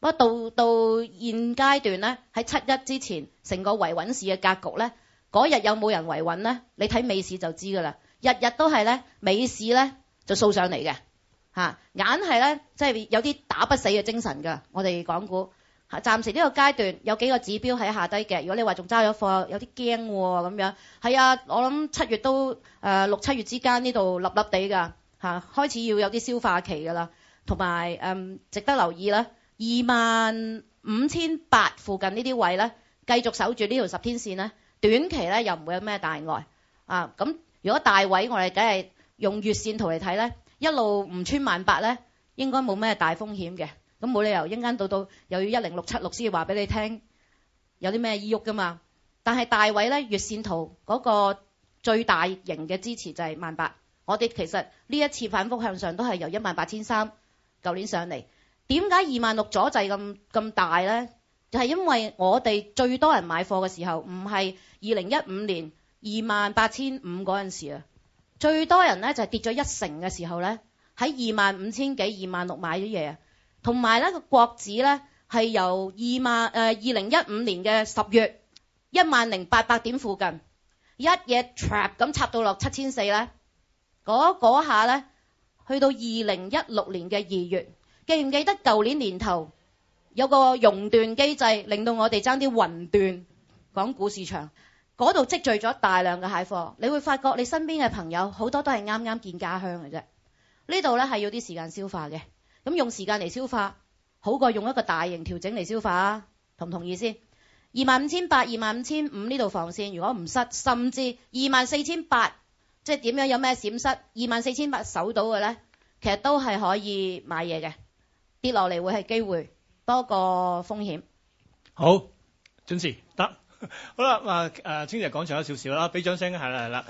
不過到到現階段咧，喺七一之前，成個維穩市嘅格局咧，嗰日有冇人維穩咧？你睇尾市就知㗎啦。日日都係咧尾市咧就掃上嚟嘅嚇，硬係咧即係有啲打不死嘅精神㗎。我哋港股、啊、暫時呢個階段有幾個指標喺下低嘅。如果你話仲揸咗貨，有啲驚喎，咁樣係啊。我諗七月都誒、呃、六七月之間呢度粒粒地㗎嚇，開始要有啲消化期㗎啦，同埋誒值得留意啦。二萬五千八附近呢啲位呢，繼續守住呢條十天線呢。短期呢，又唔會有咩大礙啊。咁如果大位，我哋梗係用月線圖嚟睇呢，一路唔穿萬八呢，應該冇咩大風險嘅。咁冇理由一間到到又要一零六七六先至話俾你聽有啲咩意欲噶嘛。但係大位呢，月線圖嗰個最大型嘅支持就係萬八。我哋其實呢一次反覆向上都係由一萬八千三，舊年上嚟。點解二萬六阻滯咁咁大呢？就係因為我哋最多人買貨嘅時候，唔係二零一五年二萬八千五嗰陣時啊，最多人呢，就係跌咗一成嘅時候呢，喺二萬五千幾、二萬六買咗嘢。同埋呢個國指呢，係由二萬誒二零一五年嘅十月一萬零八百點附近一夜 trap 咁插到落七千四呢。嗰嗰下呢，去到二零一六年嘅二月。記唔記得舊年年頭有個熔斷機制，令到我哋爭啲雲斷港股市場嗰度積聚咗大量嘅蟹貨。你會發覺你身邊嘅朋友好多都係啱啱見家鄉嘅啫。呢度呢係要啲時間消化嘅，咁用時間嚟消化好過用一個大型調整嚟消化啊。同唔同意先？二萬五千八、二萬五千五呢度防線，如果唔失，甚至二萬四千八，即係點樣？有咩閃失？二萬四千八守到嘅呢，其實都係可以買嘢嘅。跌落嚟會係機會多過風險。好，準時得。好啦，咁啊，誒，青石廣場有少少啦，俾掌聲啦，係啦，係啦。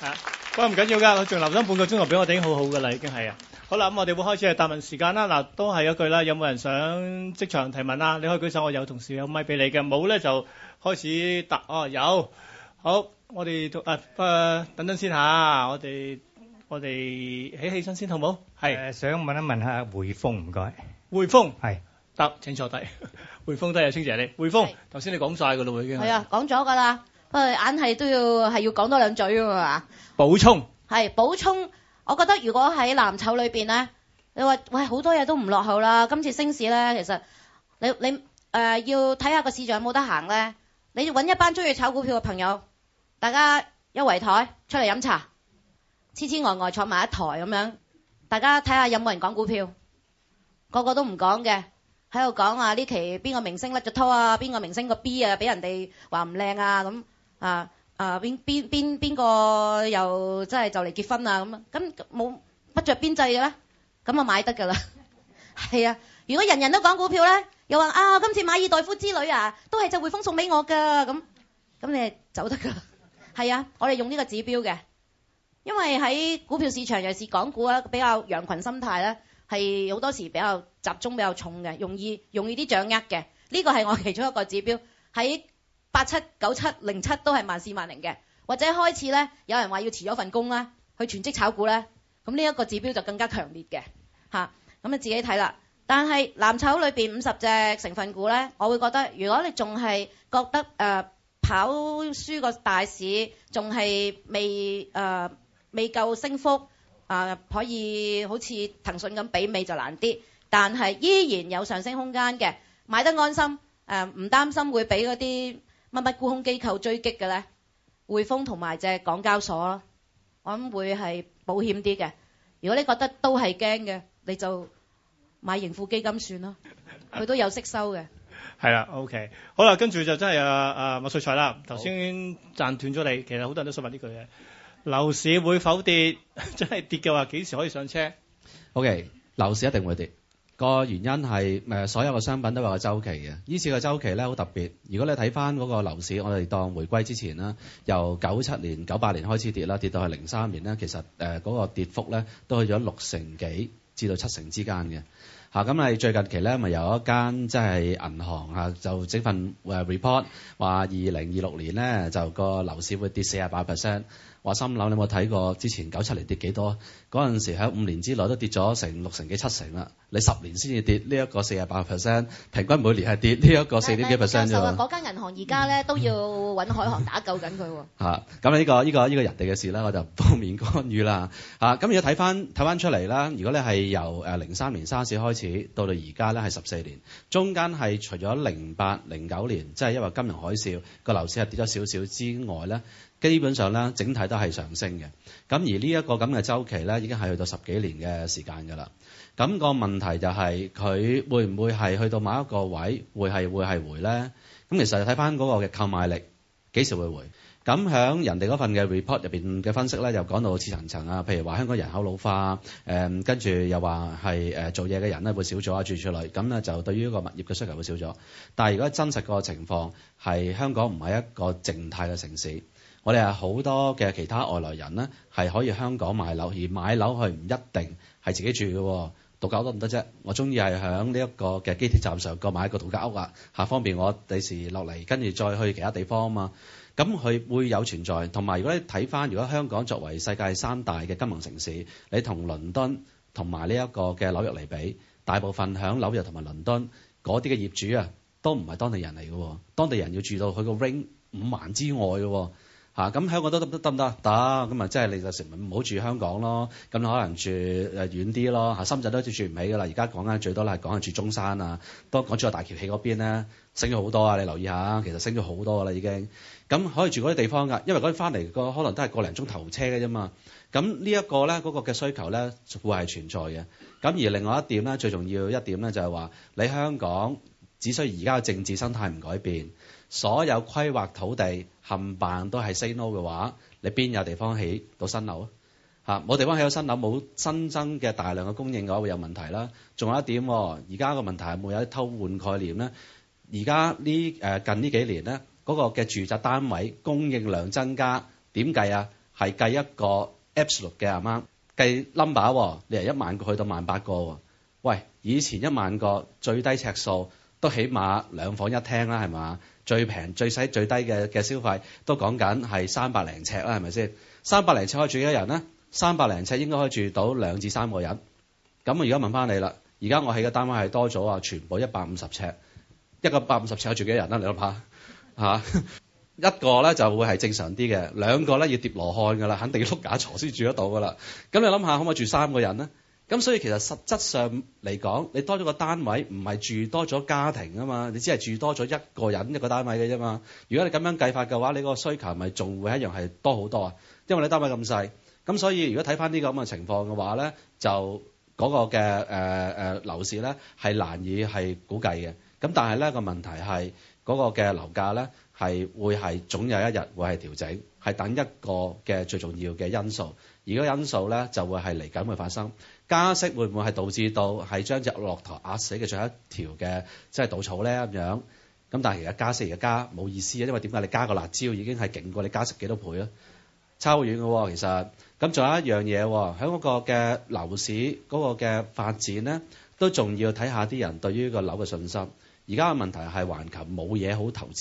誒，不過唔緊要㗎，我仲留咗半個鐘頭俾我哋，已經好好㗎啦，已經係啊。好啦，咁我哋會開始係答問時間啦。嗱，都係一句啦，有冇人想即場提問啊？你可以舉手，我有同事有咪俾你嘅。冇咧就開始答。哦，有。好，我哋啊誒，等等先嚇，我哋我哋起起身先好冇？係。誒，想問一問下匯豐，唔該。匯豐係，得是請坐低。匯豐都有，清姐，你匯豐，頭先是你講晒噶啦，已經係啊，講咗噶啦，不過硬係都要係要講多兩嘴噶嘛。補充係補充，我覺得如果喺藍籌裡邊咧，你話喂，好多嘢，都唔落後啦。今次升市咧，其實你你誒要睇下個市場有冇得行咧。你，你、呃、要揾一班中意炒股票嘅朋友，大家一圍台出嚟飲茶，痴痴呆呆坐埋一台咁樣，大家睇下有冇人講股票。個個都唔講嘅，喺度講話，呢期邊個明星甩咗拖啊，邊個明星個 B 啊俾人哋話唔靚啊咁啊啊邊邊邊邊個又真係就嚟結婚啊咁，咁冇不着邊際嘅啦咁啊買得噶啦，係 啊，如果人人都講股票咧，又話啊今次馬爾代夫之旅啊，都係隻匯豐送俾我噶，咁咁你就走得噶，係 啊，我哋用呢個指標嘅，因為喺股票市場尤其是港股啊，比較羊群心態咧。係好多時比較集中、比較重嘅，容易容易啲掌握嘅。呢、這個係我其中一個指標，喺八七九七零七都係萬四萬零嘅。或者開始呢，有人話要辭咗份工啦，去全職炒股呢，咁呢一個指標就更加強烈嘅。嚇、啊，咁你自己睇啦。但係藍籌裏邊五十隻成分股呢，我會覺得如果你仲係覺得誒、呃、跑輸個大市，仲係未誒、呃、未夠升幅。啊，可以好似騰訊咁媲美就難啲，但係依然有上升空間嘅，買得安心，誒唔擔心會俾嗰啲乜乜沽空機構追擊嘅咧？匯豐同埋隻港交所，我諗會係保險啲嘅。如果你覺得都係驚嘅，你就買盈富基金算啦，佢都有息收嘅。係啦，OK，好啦，跟住就真係啊啊麥萃才啦，頭先暫斷咗你，其實好多人都想問呢句嘅。樓市會否跌？真係跌嘅話，幾時可以上車？OK，樓市一定會跌。個原因係誒，所有嘅商品都有個周期嘅。呢次嘅周期咧好特別。如果你睇翻嗰個樓市，我哋當回歸之前啦，由九七年、九八年開始跌啦，跌到係零三年咧，其實誒嗰個跌幅咧都去咗六成幾至到七成之間嘅。啊，咁咪最近期咧，咪有一間即係銀行啊，就整份誒 report，話二零二六年咧就個樓市會跌四啊八 percent。話心諗你有冇睇過？之前九七年跌幾多？嗰陣時喺五年之內都跌咗成六成幾、七成啦。你十年先至跌呢一個四啊八 percent，平均每年係跌呢一個四點幾 percent 就嘛。嗰間銀行而家咧都要揾海航打救緊佢喎。咁、嗯、呢、嗯嗯嗯啊呢個呢、呢個呢、呢個人哋嘅事咧，我就唔方便干預啦。嚇、啊！咁如果睇翻睇翻出嚟啦，如果咧係由誒零三年沙士開始，到到而家咧係十四年，中間係除咗零八、零九年，即係因為金融海嘯，個樓市係跌咗少少之外咧，基本上咧整體都係上升嘅。咁而這這呢一個咁嘅周期咧，已經係去到十幾年嘅時間㗎啦。咁、個問題就係、是、佢會唔會係去到某一個位，會係會係回咧？咁其實睇翻嗰個嘅購買力，幾時會回？咁喺人哋嗰份嘅 report 入面嘅分析咧，又講到似層層啊，譬如話香港人口老化、啊，跟、嗯、住又話係、呃、做嘢嘅人咧會少咗啊，住出嚟咁咧就對於一個物業嘅需求會少咗。但係如果真實個情況係香港唔係一個靜態嘅城市，我哋係好多嘅其他外來人咧係可以香港買樓，而買樓佢唔一定係自己住嘅、啊，喎。家搞多唔得啫？我鍾意係喺呢一個嘅機鐵站上購買一個度假屋啊，下方便我第時落嚟跟住再去其他地方啊嘛。咁佢會有存在，同埋如果你睇翻，如果香港作為世界三大嘅金融城市，你同倫敦同埋呢一個嘅紐約嚟比，大部分響紐約同埋倫敦嗰啲嘅業主啊，都唔係當地人嚟嘅、哦，當地人要住到佢個 ring 五環之外嘅、哦。咁、啊、香港都得得得唔得？得咁啊！即係你就成唔好住香港咯，咁你可能住誒遠啲咯，深圳都好似住唔起㗎啦，而家講緊最多啦，講住中山啊，都港珠澳大橋起嗰邊咧，升咗好多啊！你留意一下，其實升咗好多㗎啦已經。咁可以住嗰啲地方㗎，因為嗰啲翻嚟個可能都係個零鐘頭車㗎啫嘛。咁呢一個咧，嗰個嘅需求咧會係存在嘅。咁而另外一點咧，最重要一點咧就係話你香港只需而家嘅政治生態唔改變。所有規劃土地冚辦都係 say no 嘅話，你邊有地方起到新樓啊？嚇冇地方起到新樓，冇新增嘅大量嘅供應嘅話會有問題啦。仲有一點，而家個問題係冇有偷換概念咧。而家呢誒近呢幾年咧，嗰個嘅住宅單位供應量增加點計啊？係計一個 absolute 嘅啱啱計 number 你係一萬個去到萬八個。喂，以前一萬個最低尺數都起碼兩房一廳啦，係嘛？最平、最細、最低嘅嘅消費都講緊係三百零尺啦，係咪先？三百零尺可以住幾多人咧？三百零尺應該可以住到兩至三個人。咁我而家問翻你啦，而家我起嘅單位係多咗啊，全部一百五十尺，一個百五十尺可以住幾多人咧？你諗下、啊、一個咧就會係正常啲嘅，兩個咧要疊羅漢㗎啦，肯定要碌架床先住得到㗎啦。咁你諗下可唔可以住三個人咧？咁所以其實實質上嚟講，你多咗個單位唔係住多咗家庭啊嘛，你只係住多咗一個人一個單位嘅啫嘛。如果你咁樣計法嘅話，你個需求咪仲會一樣係多好多啊？因為你單位咁細，咁所以如果睇返呢個咁嘅情況嘅話咧，就嗰個嘅誒誒樓市咧係難以係估計嘅。咁但係咧個問題係嗰個嘅樓價咧係會係總有一日會係調整，係等一個嘅最重要嘅因素，而個因素咧就會係嚟緊會發生。加息會唔會係導致到係將隻駱駝壓死嘅最後一條嘅即係稻草咧咁樣？咁但係而家加息而家加冇意思啊，因為點解你加個辣椒已經係勁過你加息幾多倍啊？差好遠嘅喎、哦，其實咁仲有一樣嘢喎，喺嗰個嘅樓市嗰個嘅發展咧，都仲要睇下啲人對於個樓嘅信心。而家嘅問題係環球冇嘢好投資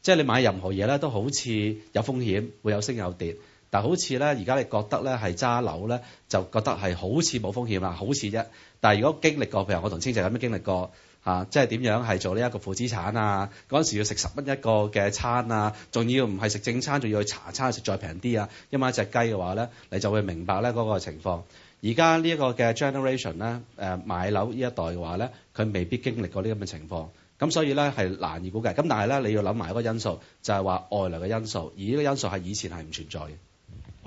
即係、就是、你買任何嘢咧都好似有風險，會有升有跌。但好似咧，而家你覺得咧係揸樓咧，就覺得係好似冇風險啊，好似啫。但係如果經歷過，譬如我同青姐咁樣經歷過、啊、即係點樣係做呢一個負資產啊？嗰陣時要食十蚊一個嘅餐啊，仲要唔係食正餐，仲要去茶餐食再平啲啊，因為一隻雞嘅話咧，你就會明白咧嗰、那個情況。而家呢一個嘅 generation 咧，誒買樓呢一代嘅話咧，佢未必經歷過呢咁嘅情況，咁所以咧係難以估計。咁但係咧，你要諗埋一個因素，就係、是、話外來嘅因素，而呢個因素係以前係唔存在嘅。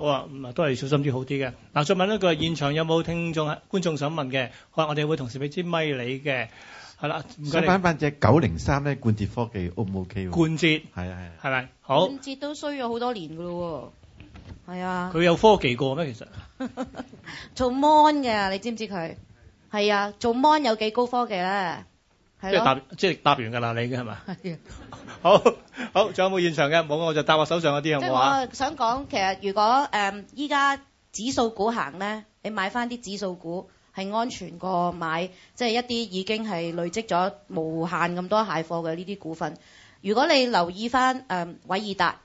好啊，咁啊都係小心啲好啲嘅。嗱，再問一句，現場有冇聽眾、觀眾想問嘅？可能我哋會同時俾支咪你嘅。係啦，唔該。返返隻九零三咧，冠捷科技 O 唔 O K？冠捷係啊係啊，係咪？好。冠捷都衰咗好多年噶咯喎。係啊。佢有科技過咩？其實做 mon 嘅，你知唔知佢？係啊，做 mon 有幾高科技咧？即係答，即係答完㗎啦，你已經係嘛？好，好，仲有冇現場嘅？冇，我就答我手上嗰啲啊？即係我，好嘛？我想講，其實如果誒依家指數股行咧，你買翻啲指數股係安全過買，即係一啲已經係累積咗無限咁多蟹貨嘅呢啲股份。如果你留意翻誒偉易達，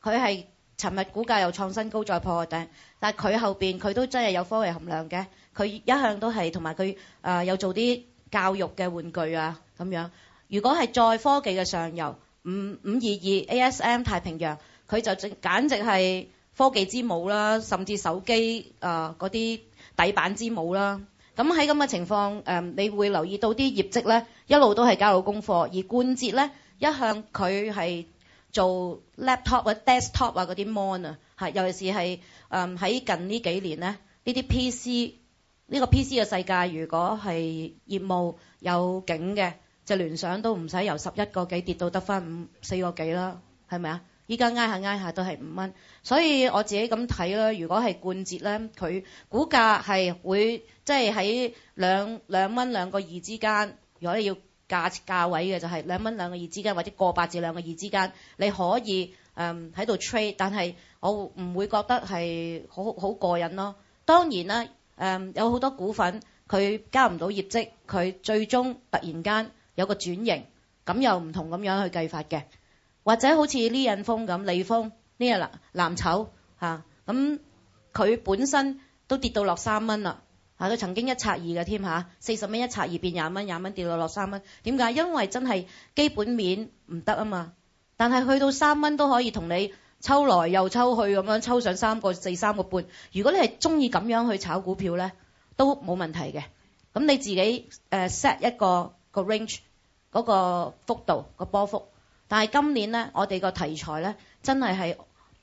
佢係尋日股價又創新高再破個頂，但係佢後邊佢都真係有科技含量嘅，佢一向都係同埋佢誒有做啲。教育嘅玩具啊咁樣，如果係再科技嘅上游，五五二二 ASM 太平洋，佢就簡直係科技之母啦，甚至手機啊嗰啲底板之母啦。咁喺咁嘅情況，誒、呃、你會留意到啲業績咧，一路都係交到功課。而冠捷咧，一向佢係做 laptop 或者 desktop 啊嗰啲 mon 啊，係尤其是係誒喺近呢幾年咧，呢啲 PC。呢個 PC 嘅世界，如果係業務有景嘅，就聯想都唔使由十一個幾跌到得返五四個幾啦，係咪啊？依家挨下挨下都係五蚊，所以我自己咁睇啦。如果係冠捷咧，佢股價係會即係喺兩兩蚊兩個二之間。如果你要價價位嘅就係兩蚊兩個二之間，或者過百至兩個二之間，你可以嗯喺度 trade，但係我唔會覺得係好好過癮咯。當然啦。誒、嗯、有好多股份佢交唔到業績，佢最終突然間有個轉型，咁又唔同咁樣去計法嘅，或者好似呢陣風咁，利豐呢隻藍藍籌嚇，咁、啊、佢、嗯、本身都跌到落三蚊啦，嚇、啊、佢曾經一拆二嘅添嚇，四十蚊一拆二變廿蚊，廿蚊跌到落三蚊，點解？因為真係基本面唔得啊嘛，但係去到三蚊都可以同你，抽來又抽去咁樣抽上三個四三個半，如果你係中意咁樣去炒股票呢，都冇問題嘅。咁你自己、uh, set 一個一個 range 嗰個幅度、個波幅，但係今年呢，我哋個題材呢，真係係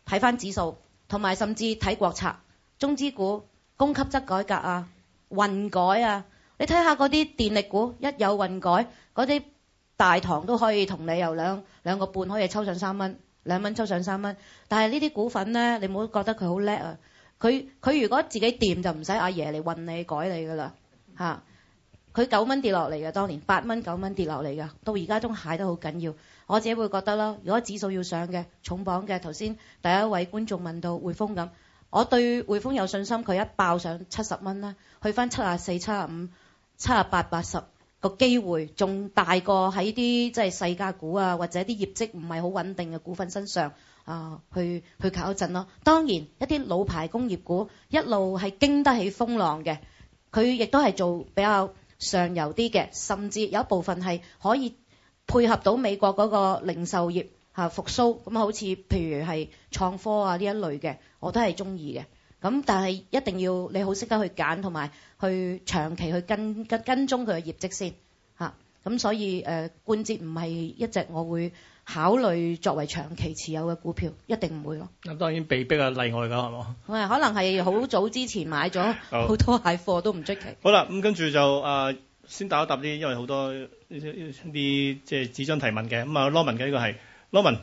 睇返指數，同埋甚至睇國策、中資股、供給側改革啊、混改啊。你睇下嗰啲電力股，一有混改，嗰啲大堂都可以同你由兩兩個半可以抽上三蚊。兩蚊抽上三蚊，但係呢啲股份咧，你唔好覺得佢好叻啊！佢佢如果自己掂就唔使阿爺嚟運你改你㗎啦嚇！佢九蚊跌落嚟嘅當年，八蚊九蚊跌落嚟嘅，到而家都蟹得好緊要。我自己會覺得囉，如果指數要上嘅，重磅嘅，頭先第一位觀眾問到匯豐咁，我對匯豐有信心，佢一爆上七十蚊啦，去翻七啊四、七啊五、七啊八、八十。個機會仲大過喺啲即係細價股啊，或者啲業績唔係好穩定嘅股份身上啊、呃，去去搞一陣咯。當然一啲老牌工業股一路係經得起風浪嘅，佢亦都係做比較上游啲嘅，甚至有一部分係可以配合到美國嗰個零售業嚇、啊、復甦。咁好似譬如係創科啊呢一類嘅，我都係鍾意嘅。咁但係一定要你好識得去揀，同埋去長期去跟跟跟蹤佢嘅業績先吓咁、啊、所以冠捷唔係一隻我會考慮作為長期持有嘅股票，一定唔會咯。咁當然被逼嘅例外㗎，係嘛？可能係好早之前買咗好多蟹貨都唔出奇好。好啦，咁跟住就、呃、先答一答啲，因為好多啲即係紙張提問嘅。咁、嗯、啊，羅文嘅呢、呢個係羅文，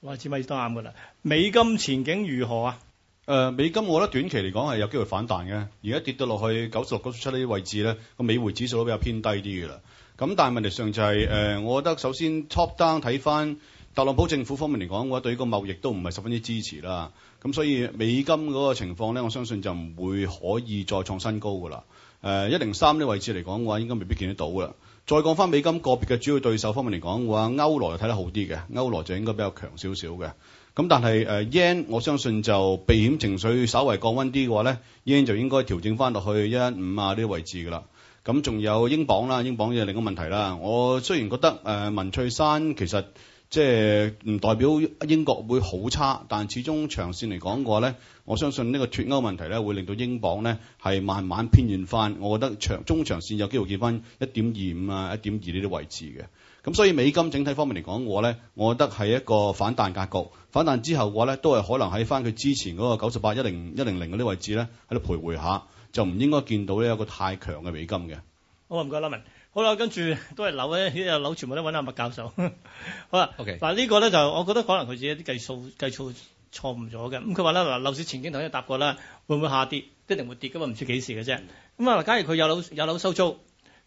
我知咪多啱㗎啦。美金前景如何啊？誒、呃、美金我覺得短期嚟講係有機會反彈嘅，而家跌到落去九十六、九十七呢啲位置咧，個美匯指數都比較偏低啲嘅啦。咁但係問題上就係、是、誒、嗯呃，我覺得首先 top down 睇返特朗普政府方面嚟講嘅話，對呢個貿易都唔係十分之支持啦。咁所以美金嗰個情況咧，我相信就唔會可以再創新高嘅啦。誒一零三呢位置嚟講嘅話，應該未必見得到嘅啦。再講返美金個別嘅主要對手方面嚟講嘅話，歐羅就睇得好啲嘅，歐羅就應該比較強少少嘅。咁但係誒 yen，我相信就避險情緒稍為降溫啲嘅話咧，yen 就應該調整翻落去一一五啊呢啲位置㗎啦。咁仲有英鎊啦，英鎊又另一個問題啦。我雖然覺得誒、呃、文翠珊其實。即係唔代表英國會好差，但始終長線嚟講嘅話咧，我相信呢個脫歐問題咧會令到英鎊咧係慢慢偏遠翻。我覺得中長線有機會見翻一點二五啊、一點二呢啲位置嘅。咁所以美金整體方面嚟講，我覺得係一個反彈格局。反彈之後嘅話咧，都係可能喺翻佢之前嗰個九十八、一零、一零零嗰啲位置咧，喺度徘徊下，就唔應該見到一個太強嘅美金嘅。好唔該，Lam。好啦，跟住都係樓咧，啲啊樓全部都搵阿麥教授。呵呵好啦，嗱 Okay. 呢個咧就我覺得可能佢自己啲計數計數錯誤咗嘅。咁佢話咧，嗱樓市前景頭一答過啦，會唔會下跌？一定會跌噶嘛，唔知幾時嘅啫。咁啊、嗯嗯，假如佢有樓有樓收租，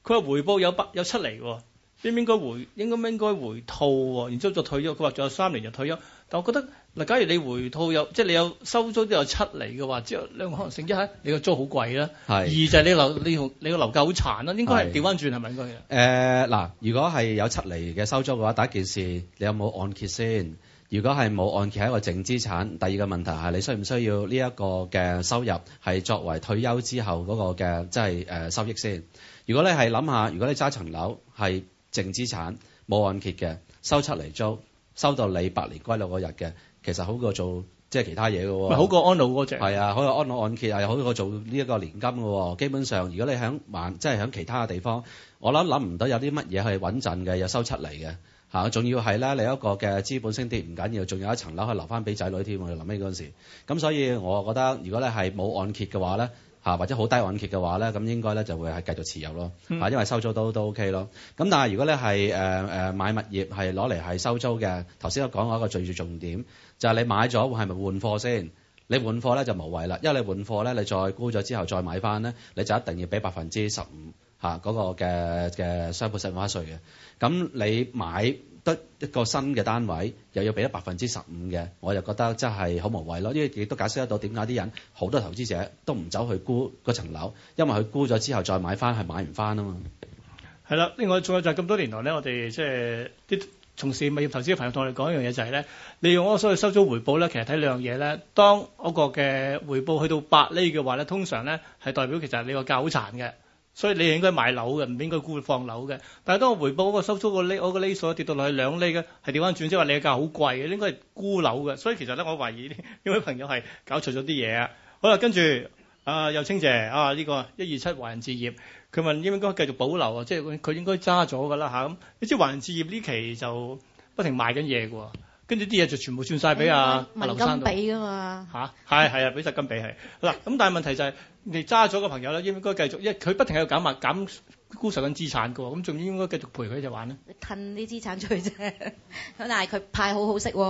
佢話回報有不有七厘喎？應唔應該回？應該唔應該回吐喎。然之後再退休，佢話仲有三年就退休。我覺得嗱，假如你回套有，即係你有收租都有七厘嘅話，只有兩個可能性：一係你個租好貴啦；是二就係你樓你你個樓價好殘啦。應該係調翻轉係咪應該？誒嗱是、呃，如果係有七厘嘅收租嘅話，第一件事你有冇按揭先？如果係冇按揭係一個淨資產，第二個問題係你需唔需要呢一個嘅收入係作為退休之後嗰個嘅即係誒收益先？如果你係諗下，如果你揸層樓係淨資產冇按揭嘅收七厘租。收到你百年歸老嗰日嘅，其實好過做即係其他嘢嘅喎。好過安老嗰隻？係啊的，好過安老按揭，係好過做呢一個年金嘅喎。基本上，如果你喺萬即係喺其他嘅地方，我諗諗唔到有啲乜嘢係穩陣嘅，又收出嚟嘅嚇。仲要係咧，你一個嘅資本升跌唔緊要，仲有一層樓可以留翻俾仔女添。我哋諗起嗰陣時，咁所以我覺得，如果你係冇按揭嘅話咧。嚇或者好低按揭嘅話咧，咁應該咧就會係繼續持有咯，嗯、因為收租都都 OK 咯。咁但係如果咧係誒買物業係攞嚟係收租嘅，頭先我講過一個最住重，重點就係、是、你買咗，會係咪換貨先？你換貨咧就無謂啦，因為你換貨咧，你再沽咗之後再買翻咧，你就一定要俾百分之十五嗰個嘅嘅雙倍印花稅嘅。咁、那個、你買。得一個新嘅單位，又要俾咗百分之十五嘅，我就覺得真係好無謂咯。因為亦都解釋得到點解啲人好多投資者都唔走去沽嗰層樓，因為佢沽咗之後再買翻係買唔翻啊嘛。係啦，另外仲有就係咁多年來咧，我哋即係啲從事物業投資嘅朋友同我哋講一樣嘢就係、是、咧，利用嗰所謂收租回報咧，其實睇兩樣嘢咧。當嗰個嘅回報去到百厘嘅話咧，通常咧係代表其實你個價好殘嘅。所以你應該買樓的不應該買樓嘅，唔應該沽放樓嘅。但係當我回報嗰個收租個厘，嗰個厘數跌到落去兩厘嘅，係調翻轉，即係話你價好貴嘅，應該沽樓嘅。所以其實咧，我懷疑呢位朋友係搞錯咗啲嘢啊。好啦，跟住啊，又青姐啊，呢、這個一二七華人置業，佢問應唔應該繼續保留是他啊？即係佢應該揸咗噶啦嚇。咁你知道華人置業呢期就不停賣緊嘢嘅喎。呢啲嘢就全部算晒俾阿文金比噶嘛吓，係係啊，俾實金比係嗱。咁，但係問題就係、是、你揸咗個朋友咧，應唔應該繼續因為佢不停喺度減物減沽實緊資產嘅喎，咁仲應唔應該繼續陪佢一隻玩咧？褪啲資產出去啫，但係佢派好好息喎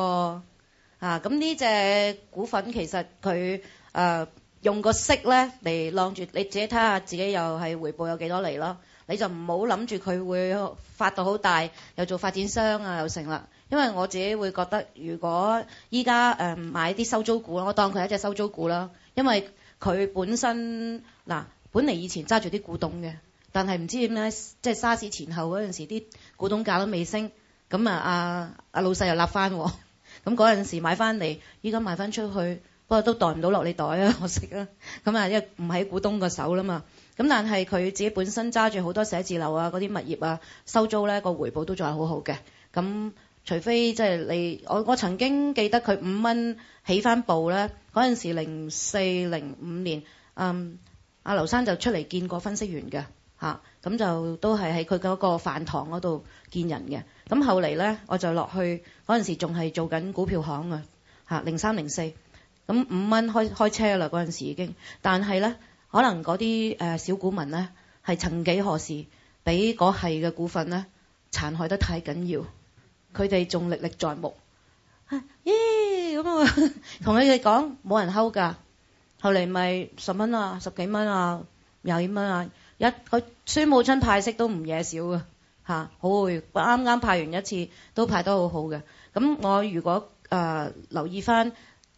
啊！咁呢隻股份其實佢誒、呃、用個息咧嚟攬住你自己，睇下自己又係回報有幾多利咯，你就唔好諗住佢會發到好大，又做發展商啊，又成啦。因為我自己會覺得，如果依家誒買啲收租股，我當佢係一隻收租股啦。因為佢本身嗱、呃、本嚟以前揸住啲古董嘅，但係唔知點解，即係沙士前後嗰陣時，啲古董價都未升，咁啊，阿阿老細又立翻喎。咁嗰陣時買翻嚟，依家賣翻出去，帶不過都袋唔到落你袋啊，可惜啊。咁啊，因為唔喺股東個手啦嘛。咁但係佢自己本身揸住好多寫字樓啊，嗰啲物業啊，收租咧個回報都仲係好好嘅。咁除非即係你，我我曾經記得佢五蚊起翻步咧。嗰陣時零四零五年，嗯，阿、啊、劉生就出嚟見過分析員嘅吓，咁、啊、就都係喺佢嗰個飯堂嗰度見人嘅。咁、啊、後嚟咧，我就落去嗰陣時仲係做緊股票行啊吓，零三零四，咁五蚊開開車啦嗰陣時已經，但係咧可能嗰啲誒小股民咧係曾幾何時俾嗰係嘅股份咧殘害得太緊要。佢哋仲歷歷在目，咦咁啊？同佢哋講冇人睺㗎，後嚟咪十蚊啊，十幾蚊啊，廿幾蚊啊，啊，一個孫母親派息都唔嘢少噶嚇，好、啊、㗎！啱啱派完一次都派得好好嘅。咁我如果誒、呃、留意翻，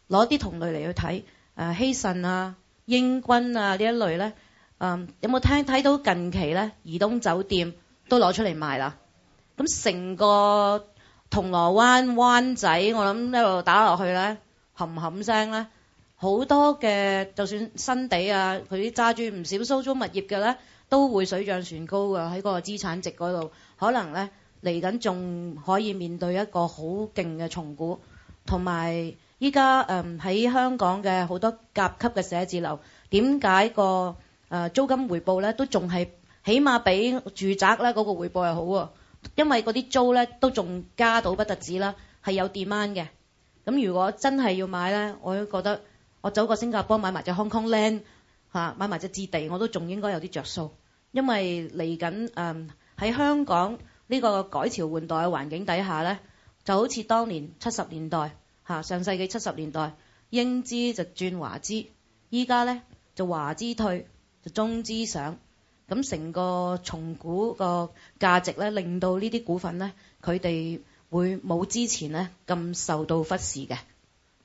攞啲同類嚟去睇，誒、呃、希慎啊、鷹君啊呢一類咧，誒、嗯、有冇聽睇到近期咧？怡東酒店都攞出嚟賣啦，咁成個。銅鑼灣灣仔，我諗一路打落去咧，冚冚聲咧，好多嘅就算新地啊，佢啲揸住唔少收租物業嘅咧，都會水漲船高㗎，喺嗰個資產值嗰度，可能咧嚟緊仲可以面對一個好勁嘅重估，同埋依家誒喺香港嘅好多甲級嘅寫字樓，點解個誒租金回報咧都仲係起碼比住宅咧嗰個回報係好喎？因為嗰啲租咧都仲加到不特止啦，係有 demand 嘅。咁如果真係要買呢，我都覺得我走過新加坡買埋隻 Hong Kong land 嚇，買埋隻置地，我都仲應該有啲着數。因為嚟緊誒喺香港呢個改朝換代嘅環境底下呢，就好似當年七十年代嚇，上世紀七十年代英資就轉華資，依家呢就華資退就中資上。咁成個重估個價值咧，令到呢啲股份咧，佢哋會冇之前咧咁受到忽視嘅。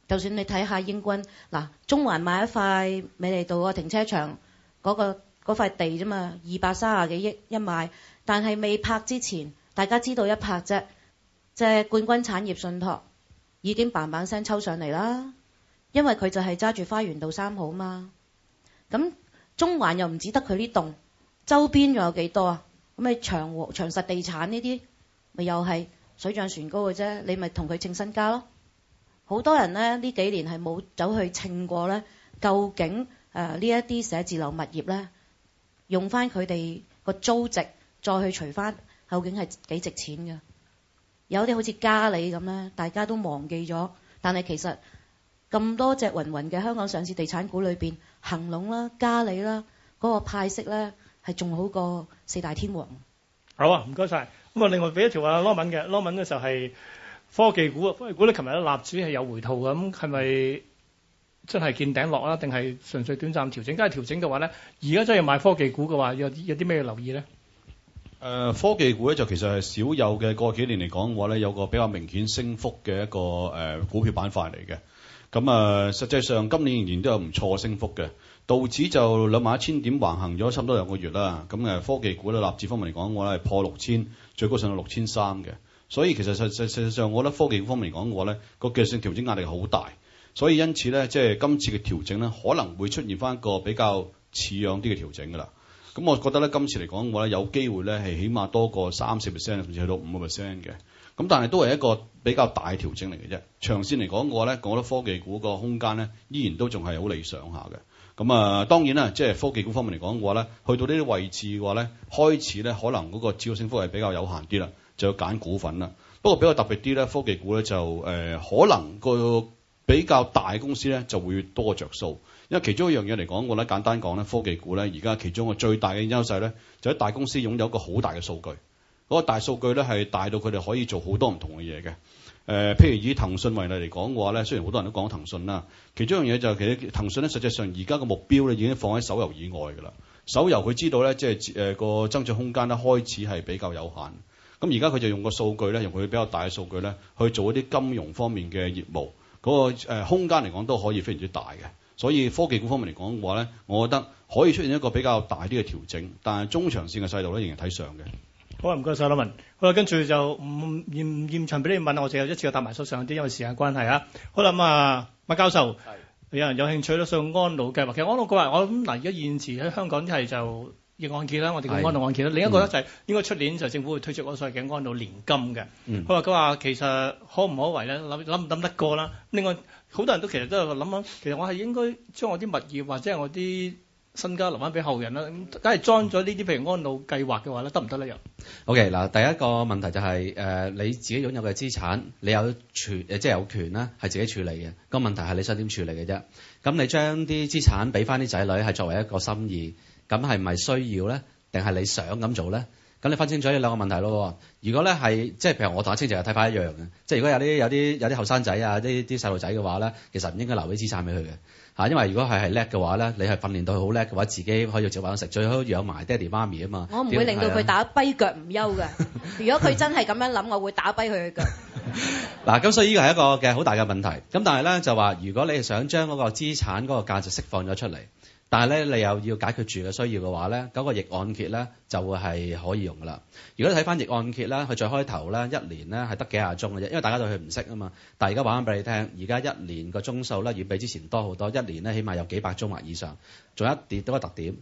就算你睇下英軍，嗱，中環買一塊美利道個停車場嗰個嗰塊地啫嘛，二百三十幾億一買，但係未拍之前，大家知道一拍啫，即係冠軍產業信託已經砰砰聲抽上嚟啦，因為佢就係揸住花園道三號嘛。咁中環又唔止得佢呢棟。周邊仲有幾多啊？咩咪長和長實地產呢啲咪又係水漲船高嘅啫？你咪同佢稱身家咯。好多人咧呢幾年係冇走去稱過咧，究竟誒呢一啲寫字樓物業咧，用翻佢哋個租值再去除翻，究竟係幾值錢嘅？有啲好似嘉里咁咧，大家都忘記咗，但係其實咁多隻雲雲嘅香港上市地產股裏邊，恆隆啦、嘉里啦、嗰個派息咧。仲好過四大天王。好啊，唔該晒。咁啊，另外俾一條啊，羅文嘅羅文咧就係科技股科技股咧，琴日嘅納指係有回吐啊。咁係咪真係見頂落啊？定係純粹短暫調整？如果係調整嘅話咧，而家真係買科技股嘅話，有有啲咩留意咧？誒、呃，科技股咧就其實係少有嘅，過幾年嚟講嘅話咧，有個比較明顯升幅嘅一個誒、呃、股票板塊嚟嘅。咁啊、呃，實際上今年仍然都有唔錯升幅嘅。道指就兩萬一千點橫行咗差唔多兩個月啦。咁誒科技股咧，納指方面嚟講，我咧係破六千，最高上到六千三嘅。所以其實實實事實上，我覺得科技股方面嚟講嘅話咧，個技術性調整壓力好大。所以因此咧，即係今次嘅調整咧，可能會出現翻一個比較似樣啲嘅調整㗎啦。咁我覺得咧，今次嚟講嘅話咧，有機會咧係起碼多過三四 percent，甚至去到五個 percent 嘅。咁但係都係一個比較大調整嚟嘅啫。長線嚟講嘅話咧，我覺得科技股個空間咧依然都仲係好理想下嘅。咁啊，當然啦，即係科技股方面嚟講嘅話咧，去到呢啲位置嘅話咧，開始咧可能嗰個持續升幅係比較有限啲啦，就要揀股份啦。不過比較特別啲咧，科技股咧就誒、呃、可能個比較大公司咧就會多着數，因為其中一樣嘢嚟講嘅話咧簡單講咧，科技股咧而家其中個最大嘅優勢咧，就喺大公司擁有一個好大嘅數據，嗰、那個大數據咧係大到佢哋可以做好多唔同嘅嘢嘅。誒、呃，譬如以騰訊為例嚟講嘅話咧，雖然好多人都講騰訊啦，其中一樣嘢就係、是、其實騰訊咧，實際上而家個目標咧已經放喺手遊以外嘅啦。手遊佢知道咧，即、就、係、是呃那個增長空間咧開始係比較有限。咁而家佢就用個數據咧，用佢比較大嘅數據咧，去做一啲金融方面嘅業務，嗰、那個、呃、空間嚟講都可以非常之大嘅。所以科技股方面嚟講嘅話咧，我覺得可以出現一個比較大啲嘅調整，但係中長線嘅細度咧仍然睇上嘅。好啊，唔該晒，老文。好啦，跟住就唔現現場俾你問啊，我淨係一次過答埋桌上啲，因為時間關係啊。好啦，咁、嗯、啊，麥教授，係的有人有興趣咯，上安老計劃。其實安老計劃，我諗嗱，而家現時喺香港一係就逆按揭啦，我哋嘅安老按揭啦。的另一個咧就係、是嗯、應該出年就政府會推出嗰所謂嘅安老年金嘅。嗯。佢話佢話其實可唔可為咧？諗諗唔諗得過啦。另外好多人都其實都係諗緊，其實我係應該將我啲物業或者係我啲。身家留翻俾後人啦，咁梗係裝咗呢啲譬如安老計劃嘅話咧，得唔得咧又？O K 嗱，okay, 第一個問題就係、是、誒你自己擁有嘅資產，你有權誒即係有權啦，係自己處理嘅。個問題係你想點處理嘅啫。咁你將啲資產俾翻啲仔女，係作為一個心意，咁係咪需要咧？定係你想咁做咧？咁你分清楚呢兩個問題咯。如果咧係即係譬如我同阿青就睇法一樣嘅。即係如果有啲有啲有啲後生仔啊，啲啲細路仔嘅話咧，其實唔應該留啲資產俾佢嘅。因為如果係係叻嘅話咧，你係訓練到佢好叻嘅話，自己可以自己揾食，最好養埋爹地媽咪啊嘛。我唔會令到佢打跛腳唔休嘅。 如果佢真係咁樣諗，我會打跛佢嘅腳。嗱， 咁所以呢個係一個嘅好大嘅問題。咁但係咧就話，如果你係想將嗰個資產嗰個價值釋放咗出嚟。但係咧，你又要解決住嘅需要嘅話咧，嗰、那個逆按揭咧就會係可以用噶啦。如果你睇翻逆按揭咧，佢最開頭咧一年咧係得幾廿宗嘅啫，因為大家對佢唔識啊嘛。但係而家話翻俾你聽，而家一年個宗數咧遠比之前多好多，一年咧起碼有幾百宗或以上。仲有一跌都係個特點，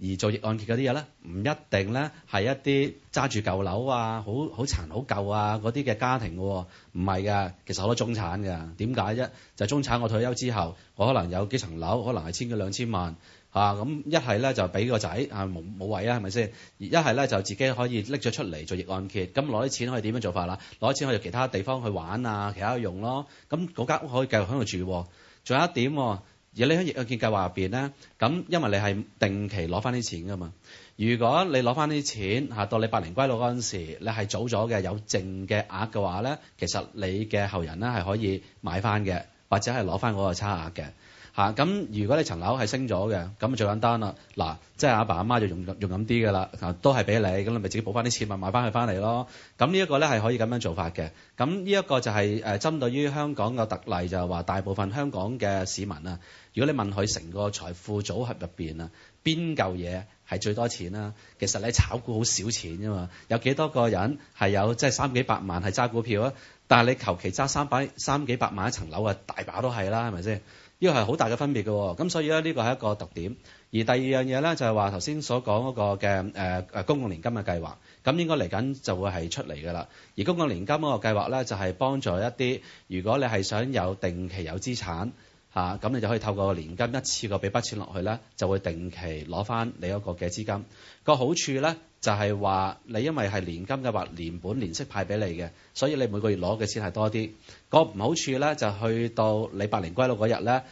而做逆按揭嗰啲嘢咧，唔一定咧係一啲揸住舊樓啊、好好殘好舊啊嗰啲嘅家庭嘅喎、哦，唔係嘅，其實好多中產嘅。點解啫？就係、是、中產，我退休之後，我可能有幾層樓，可能係千幾兩千萬。啊，咁一係咧就俾個仔啊冇冇位啊，係咪先？而一係咧就自己可以拎咗出嚟做逆按揭，咁攞啲錢可以點樣做法啦？攞啲錢可以去其他地方去玩啊，其他去用咯。咁嗰間屋可以繼續喺度住、啊。仲有一點、啊，而你喺逆按揭計劃入邊咧，咁因為你係定期攞翻啲錢㗎嘛。如果你攞翻啲錢、啊、到你百年歸老嗰陣時，你係早咗嘅有剩嘅額嘅話咧，其實你嘅後人咧係可以買翻嘅，或者係攞翻嗰個差額嘅。咁，啊、如果你層樓係升咗嘅，咁就最簡單啦。嗱、啊，即係阿爸阿媽就用用咁啲㗎啦，都係俾你咁，你咪自己補翻啲錢咪買翻去翻嚟咯。咁呢一個咧係可以咁樣做法嘅。咁呢一個就係、誒、針對於香港嘅特例就，就係話大部分香港嘅市民啊，如果你問佢成個財富組合入邊啊，邊嚿嘢係最多錢啦、啊？其實你炒股好少錢啫嘛，有幾多個人係有即係、就是、三幾百萬係揸股票啊？但係你求其揸三百三幾百萬一層樓啊，大把都係啦，係咪先？呢個係好大嘅分別嘅喎，咁所以咧呢個係一個特點。而第二樣嘢呢，就係話頭先所講嗰個嘅誒誒公共年金嘅計劃，咁應該嚟緊就會係出嚟嘅啦。而公共年金嗰個計劃咧就係幫助一啲，如果你係想有定期有資產嚇，咁、啊、你就可以透過年金一次過俾筆錢落去呢，就會定期攞翻你嗰個嘅資金。個好處呢。就係話你因為係年金嘅話，年本年息派俾你嘅，所以你每個月攞嘅錢係多啲。個唔好處咧就去到你百年歸老嗰日咧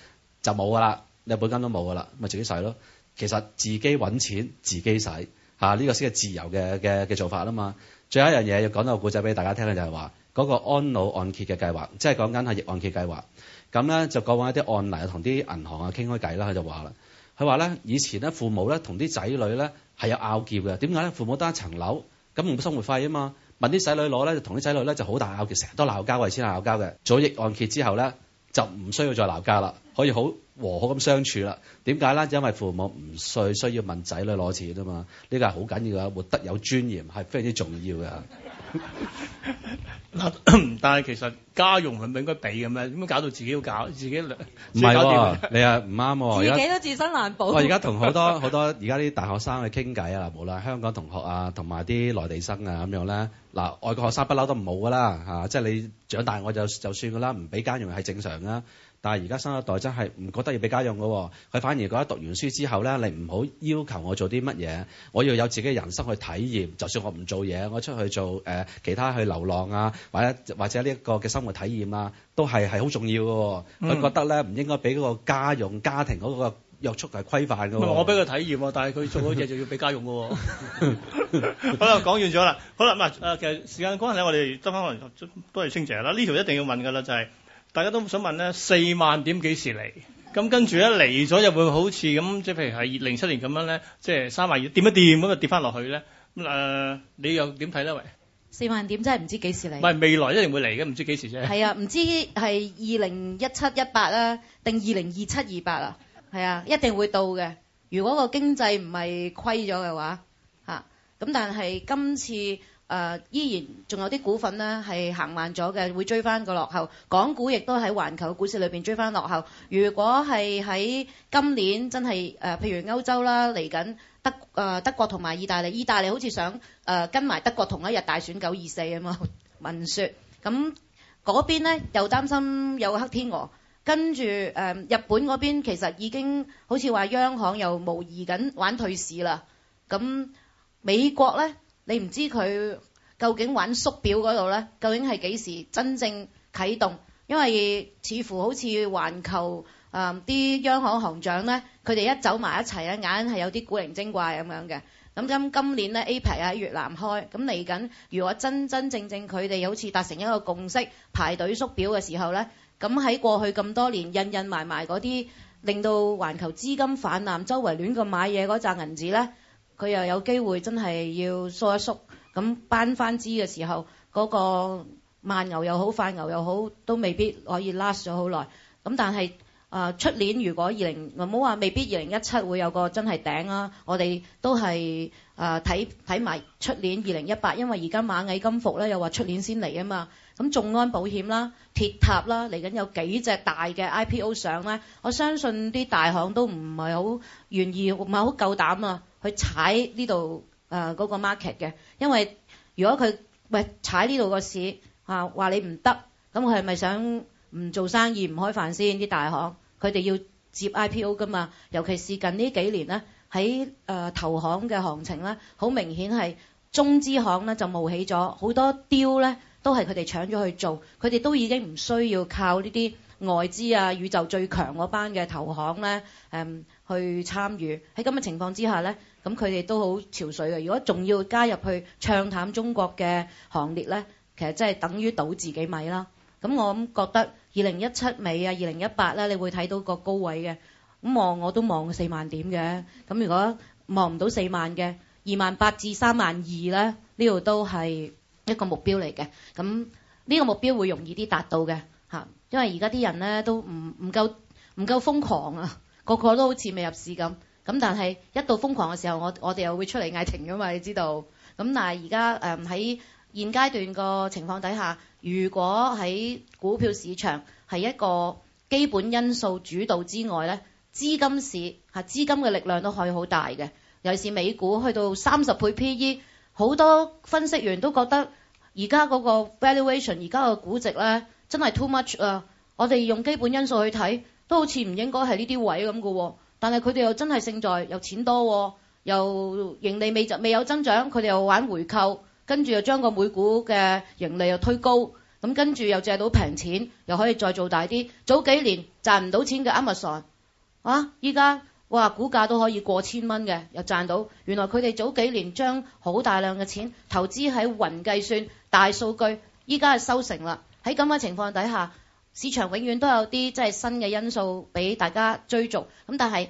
就冇㗎啦，你本金都冇㗎啦，咪自己使咯。其實自己揾錢自己使嚇，呢個先係自由嘅嘅嘅做法啊嘛。最後一樣嘢要講到個故仔俾大家聽咧，就係話嗰個安老按揭嘅計劃，即係講緊係逆按揭計劃。咁咧就講話一啲案例同啲銀行啊傾開偈啦，佢就話啦，佢話咧以前咧父母咧同啲仔女咧。係有拗撬嘅，點解呢？父母得一層樓，咁冇生活費啊嘛，問啲仔女攞呢，就同啲仔女呢就好大拗撬，成日都鬧交為先鬧交嘅。咗逆按揭之後呢，就唔需要再鬧交啦。可以好和好咁相處啦？點解咧？因為父母唔需需要問仔女攞錢啊嘛！呢個係好緊要啊，活得有尊嚴係非常之重要嘅。嗱， 但係其實家用係唔應該俾嘅咩？點解搞到自己要搞自己，自己搞？唔係喎，你啊唔啱喎。 在自己都自身難保。 我而家同好多好多而家啲大學生去傾偈啊！冇啦，香港同學啊，同埋啲內地生啊咁樣咧。嗱，外國學生不嬲都唔好噶啦嚇，即、啊、係、就是、你長大我就就算噶啦，唔俾家用係正常啦。但係而家新一代真係唔覺得要俾家用嘅喎、哦，佢反而覺得讀完書之後咧，你唔好要，要求我做啲乜嘢，我要有自己人生去體驗。就算我唔做嘢，我出去做誒、呃、其他去流浪啊，或者或者呢一個嘅生活體驗啊，都係係好重要嘅喎、哦。佢、嗯、覺得咧唔應該俾嗰個家用家庭嗰個約束係規範嘅喎、哦哦。我俾佢體驗，但係佢做咗嘢就要俾家用嘅喎。好啦，講完咗啦。好啦，嗱誒，其實時間關係我哋得翻可能都係清姐啦。呢條一定要問嘅啦，就係、是。大家都想問咧，四萬點幾時嚟？咁跟住一嚟咗又會好似咁，即係譬如係二零七年咁樣咧，即係三萬二點一掂咁啊，跌翻落去咧。咁、呃、你又點睇咧？喂，四萬點真係唔知幾時嚟？唔係未來一定會嚟嘅，唔知幾時啫。係啊，唔知係二零一七一八啦，定二零二七二八啊？係啊，啊，一定會到嘅。如果個經濟唔係虧咗嘅話，咁、啊。但係今次。誒、呃、依然仲有啲股份呢，係行慢咗嘅，會追翻個落後。港股亦都喺環球股市裏邊追翻落後。如果係喺今年真係誒、呃，譬如歐洲啦，嚟緊德誒、呃、德國同埋意大利，意大利好似想誒、呃、跟埋德國同一日大選九二四啊嘛，聞説。咁嗰邊呢又擔心有個黑天鵝。跟住誒、呃、日本嗰邊其實已經好似話央行又模擬緊玩退市啦。咁美國呢？你唔知佢究竟玩縮表嗰度咧，究竟係幾時真正啟動？因為似乎好似環球啊啲、呃、央行行長咧，佢哋一走埋一齊啊，眼係有啲古靈精怪咁樣嘅。咁、嗯、今今年咧 APEC 喺越南開，咁嚟緊如果真真正正佢哋好似達成一個共識，排隊縮表嘅時候咧，咁、嗯、喺過去咁多年印印埋埋嗰啲令到環球資金氾濫、周圍亂咁買嘢嗰紮銀紙咧。佢又有機會真係要縮一縮，咁扳翻支嘅時候，嗰個慢牛又好，快牛又好，都未必可以 last 咗好耐。咁但係呃，出年如果二零唔好話，未必二零一七會有個真係頂啊！我哋都係睇睇埋出年二零一八，因為而家螞蟻金服咧又話出年先嚟啊嘛。咁眾安保險啦、鐵塔啦，嚟緊有幾隻大嘅 IPO 上咧？我相信啲大行都唔係好願意，唔係好夠膽啊！去踩呢度，誒嗰個 market 嘅，因為如果佢喂踩呢度個市，啊、話你唔得，咁佢係咪想唔做生意唔開飯先？啲大行佢哋要接 IPO 噶嘛，尤其是近呢幾年呢，喺誒、呃、投行嘅行情咧，好明顯係中資行咧就冒起咗好多 deal 咧，都係佢哋搶咗去做，佢哋都已經唔需要靠呢啲外資啊宇宙最強嗰班嘅投行咧、嗯、去參與。喺咁嘅情況之下咧。咁佢哋都好潮水嘅，如果仲要加入去唱淡中國嘅行列呢，其實真係等於倒自己米啦。咁我覺得二零一七尾啊，二零一八呢，你會睇到個高位嘅。咁望我都望四萬點嘅，咁如果望唔到四萬嘅，二萬八至三萬二呢，呢度都係一個目標嚟嘅。咁呢個目標會容易啲達到嘅，嚇，因為而家啲人呢，都唔唔夠唔夠瘋狂啊，個個都好似未入市咁。咁但係一到瘋狂嘅時候，我我哋又會出嚟嗌停噶嘛？你知道？咁但係而家嗯喺現階段個情況底下，如果喺股票市場係一個基本因素主導之外咧，資金市嚇資金嘅力量都可以好大嘅。尤其是美股去到三十倍 PE，好多分析員都覺得而家嗰個 valuation 而家個估值咧真係 too much 啊！我哋用基本因素去睇，都好似唔應該係呢啲位咁嘅喎。但係佢哋又真係勝在又錢多哦，又盈利未未有增長，佢哋又玩回購，跟住又將個每股嘅盈利又推高，咁跟住又借到平錢，又可以再做大啲。早幾年賺唔到錢嘅 Amazon，啊，依家哇股價都可以過千蚊嘅，又賺到。原來佢哋早幾年將好大量嘅錢投資喺雲計算、大數據，依家係收成啦。喺咁嘅情況底下。市場永遠都有啲即係新嘅因素俾大家追逐，咁但係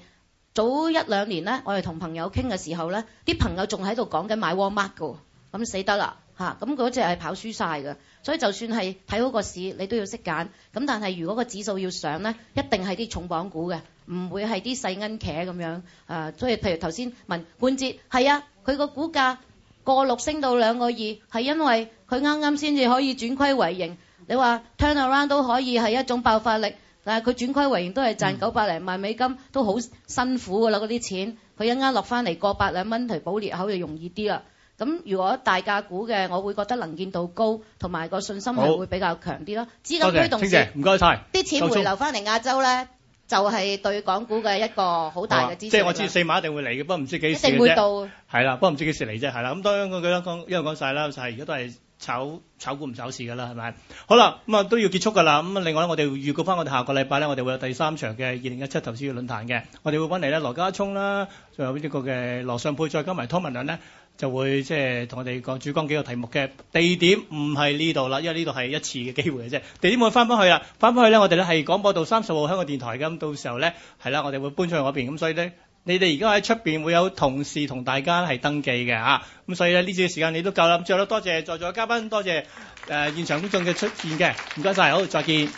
早一兩年咧，我哋同朋友傾嘅時候咧，啲朋友仲喺度講緊買沃馬噶，咁死得啦嚇，咁嗰隻係跑輸晒嘅，所以就算係睇好個市，你都要識揀。咁但係如果個指數要上咧，一定係啲重磅股嘅，唔會係啲細銀茄咁樣。誒、呃，所以譬如頭先問冠捷，係啊，佢個股價過六升到兩個二，係因為佢啱啱先至可以轉虧為盈。你話 turnaround 都可以係一種爆發力，但係佢轉虧為盈都係賺九百零萬美金，嗯、都好辛苦㗎啦。嗰啲錢佢一間落翻嚟過百兩蚊嚟補裂口就容易啲啦。咁如果大價股嘅，我會覺得能見度高，同埋個信心係會比較強啲咯。資金推動，唔該晒，啲錢回流翻嚟亞洲咧，就係、是、對港股嘅一個好大嘅支持。即係、啊就是、我知四碼一定會嚟嘅，不過唔知幾時啫。一定會到。係啦，不過唔知幾時嚟啫。係啦，咁當然我覺得講晒路就係而家都係。炒炒股唔炒市噶啦，係咪？好啦，咁啊都要結束噶啦。咁啊，另外咧，我哋預告翻我哋下個禮拜咧，我哋會有第三場嘅二零一七投資月論壇嘅。我哋會揾嚟咧，羅家聰啦，仲有呢個嘅羅尚佩，再加埋湯文亮咧，就會即係同我哋講主講幾個題目嘅。地點唔係呢度啦，因為呢度係一次嘅機會嘅啫。地點會翻返去啦，翻返去咧，我哋咧係廣播道三十號香港電台嘅。咁到時候咧，係啦，我哋會搬出去嗰邊。咁所以咧。你哋而家喺出邊會有同事同大家係登記嘅吓？咁所以咧，呢次嘅時間你都夠啦。咁最後咧，多謝在座嘅嘉賓，多謝誒、呃、現場觀眾嘅出現嘅，唔該晒，好，再見。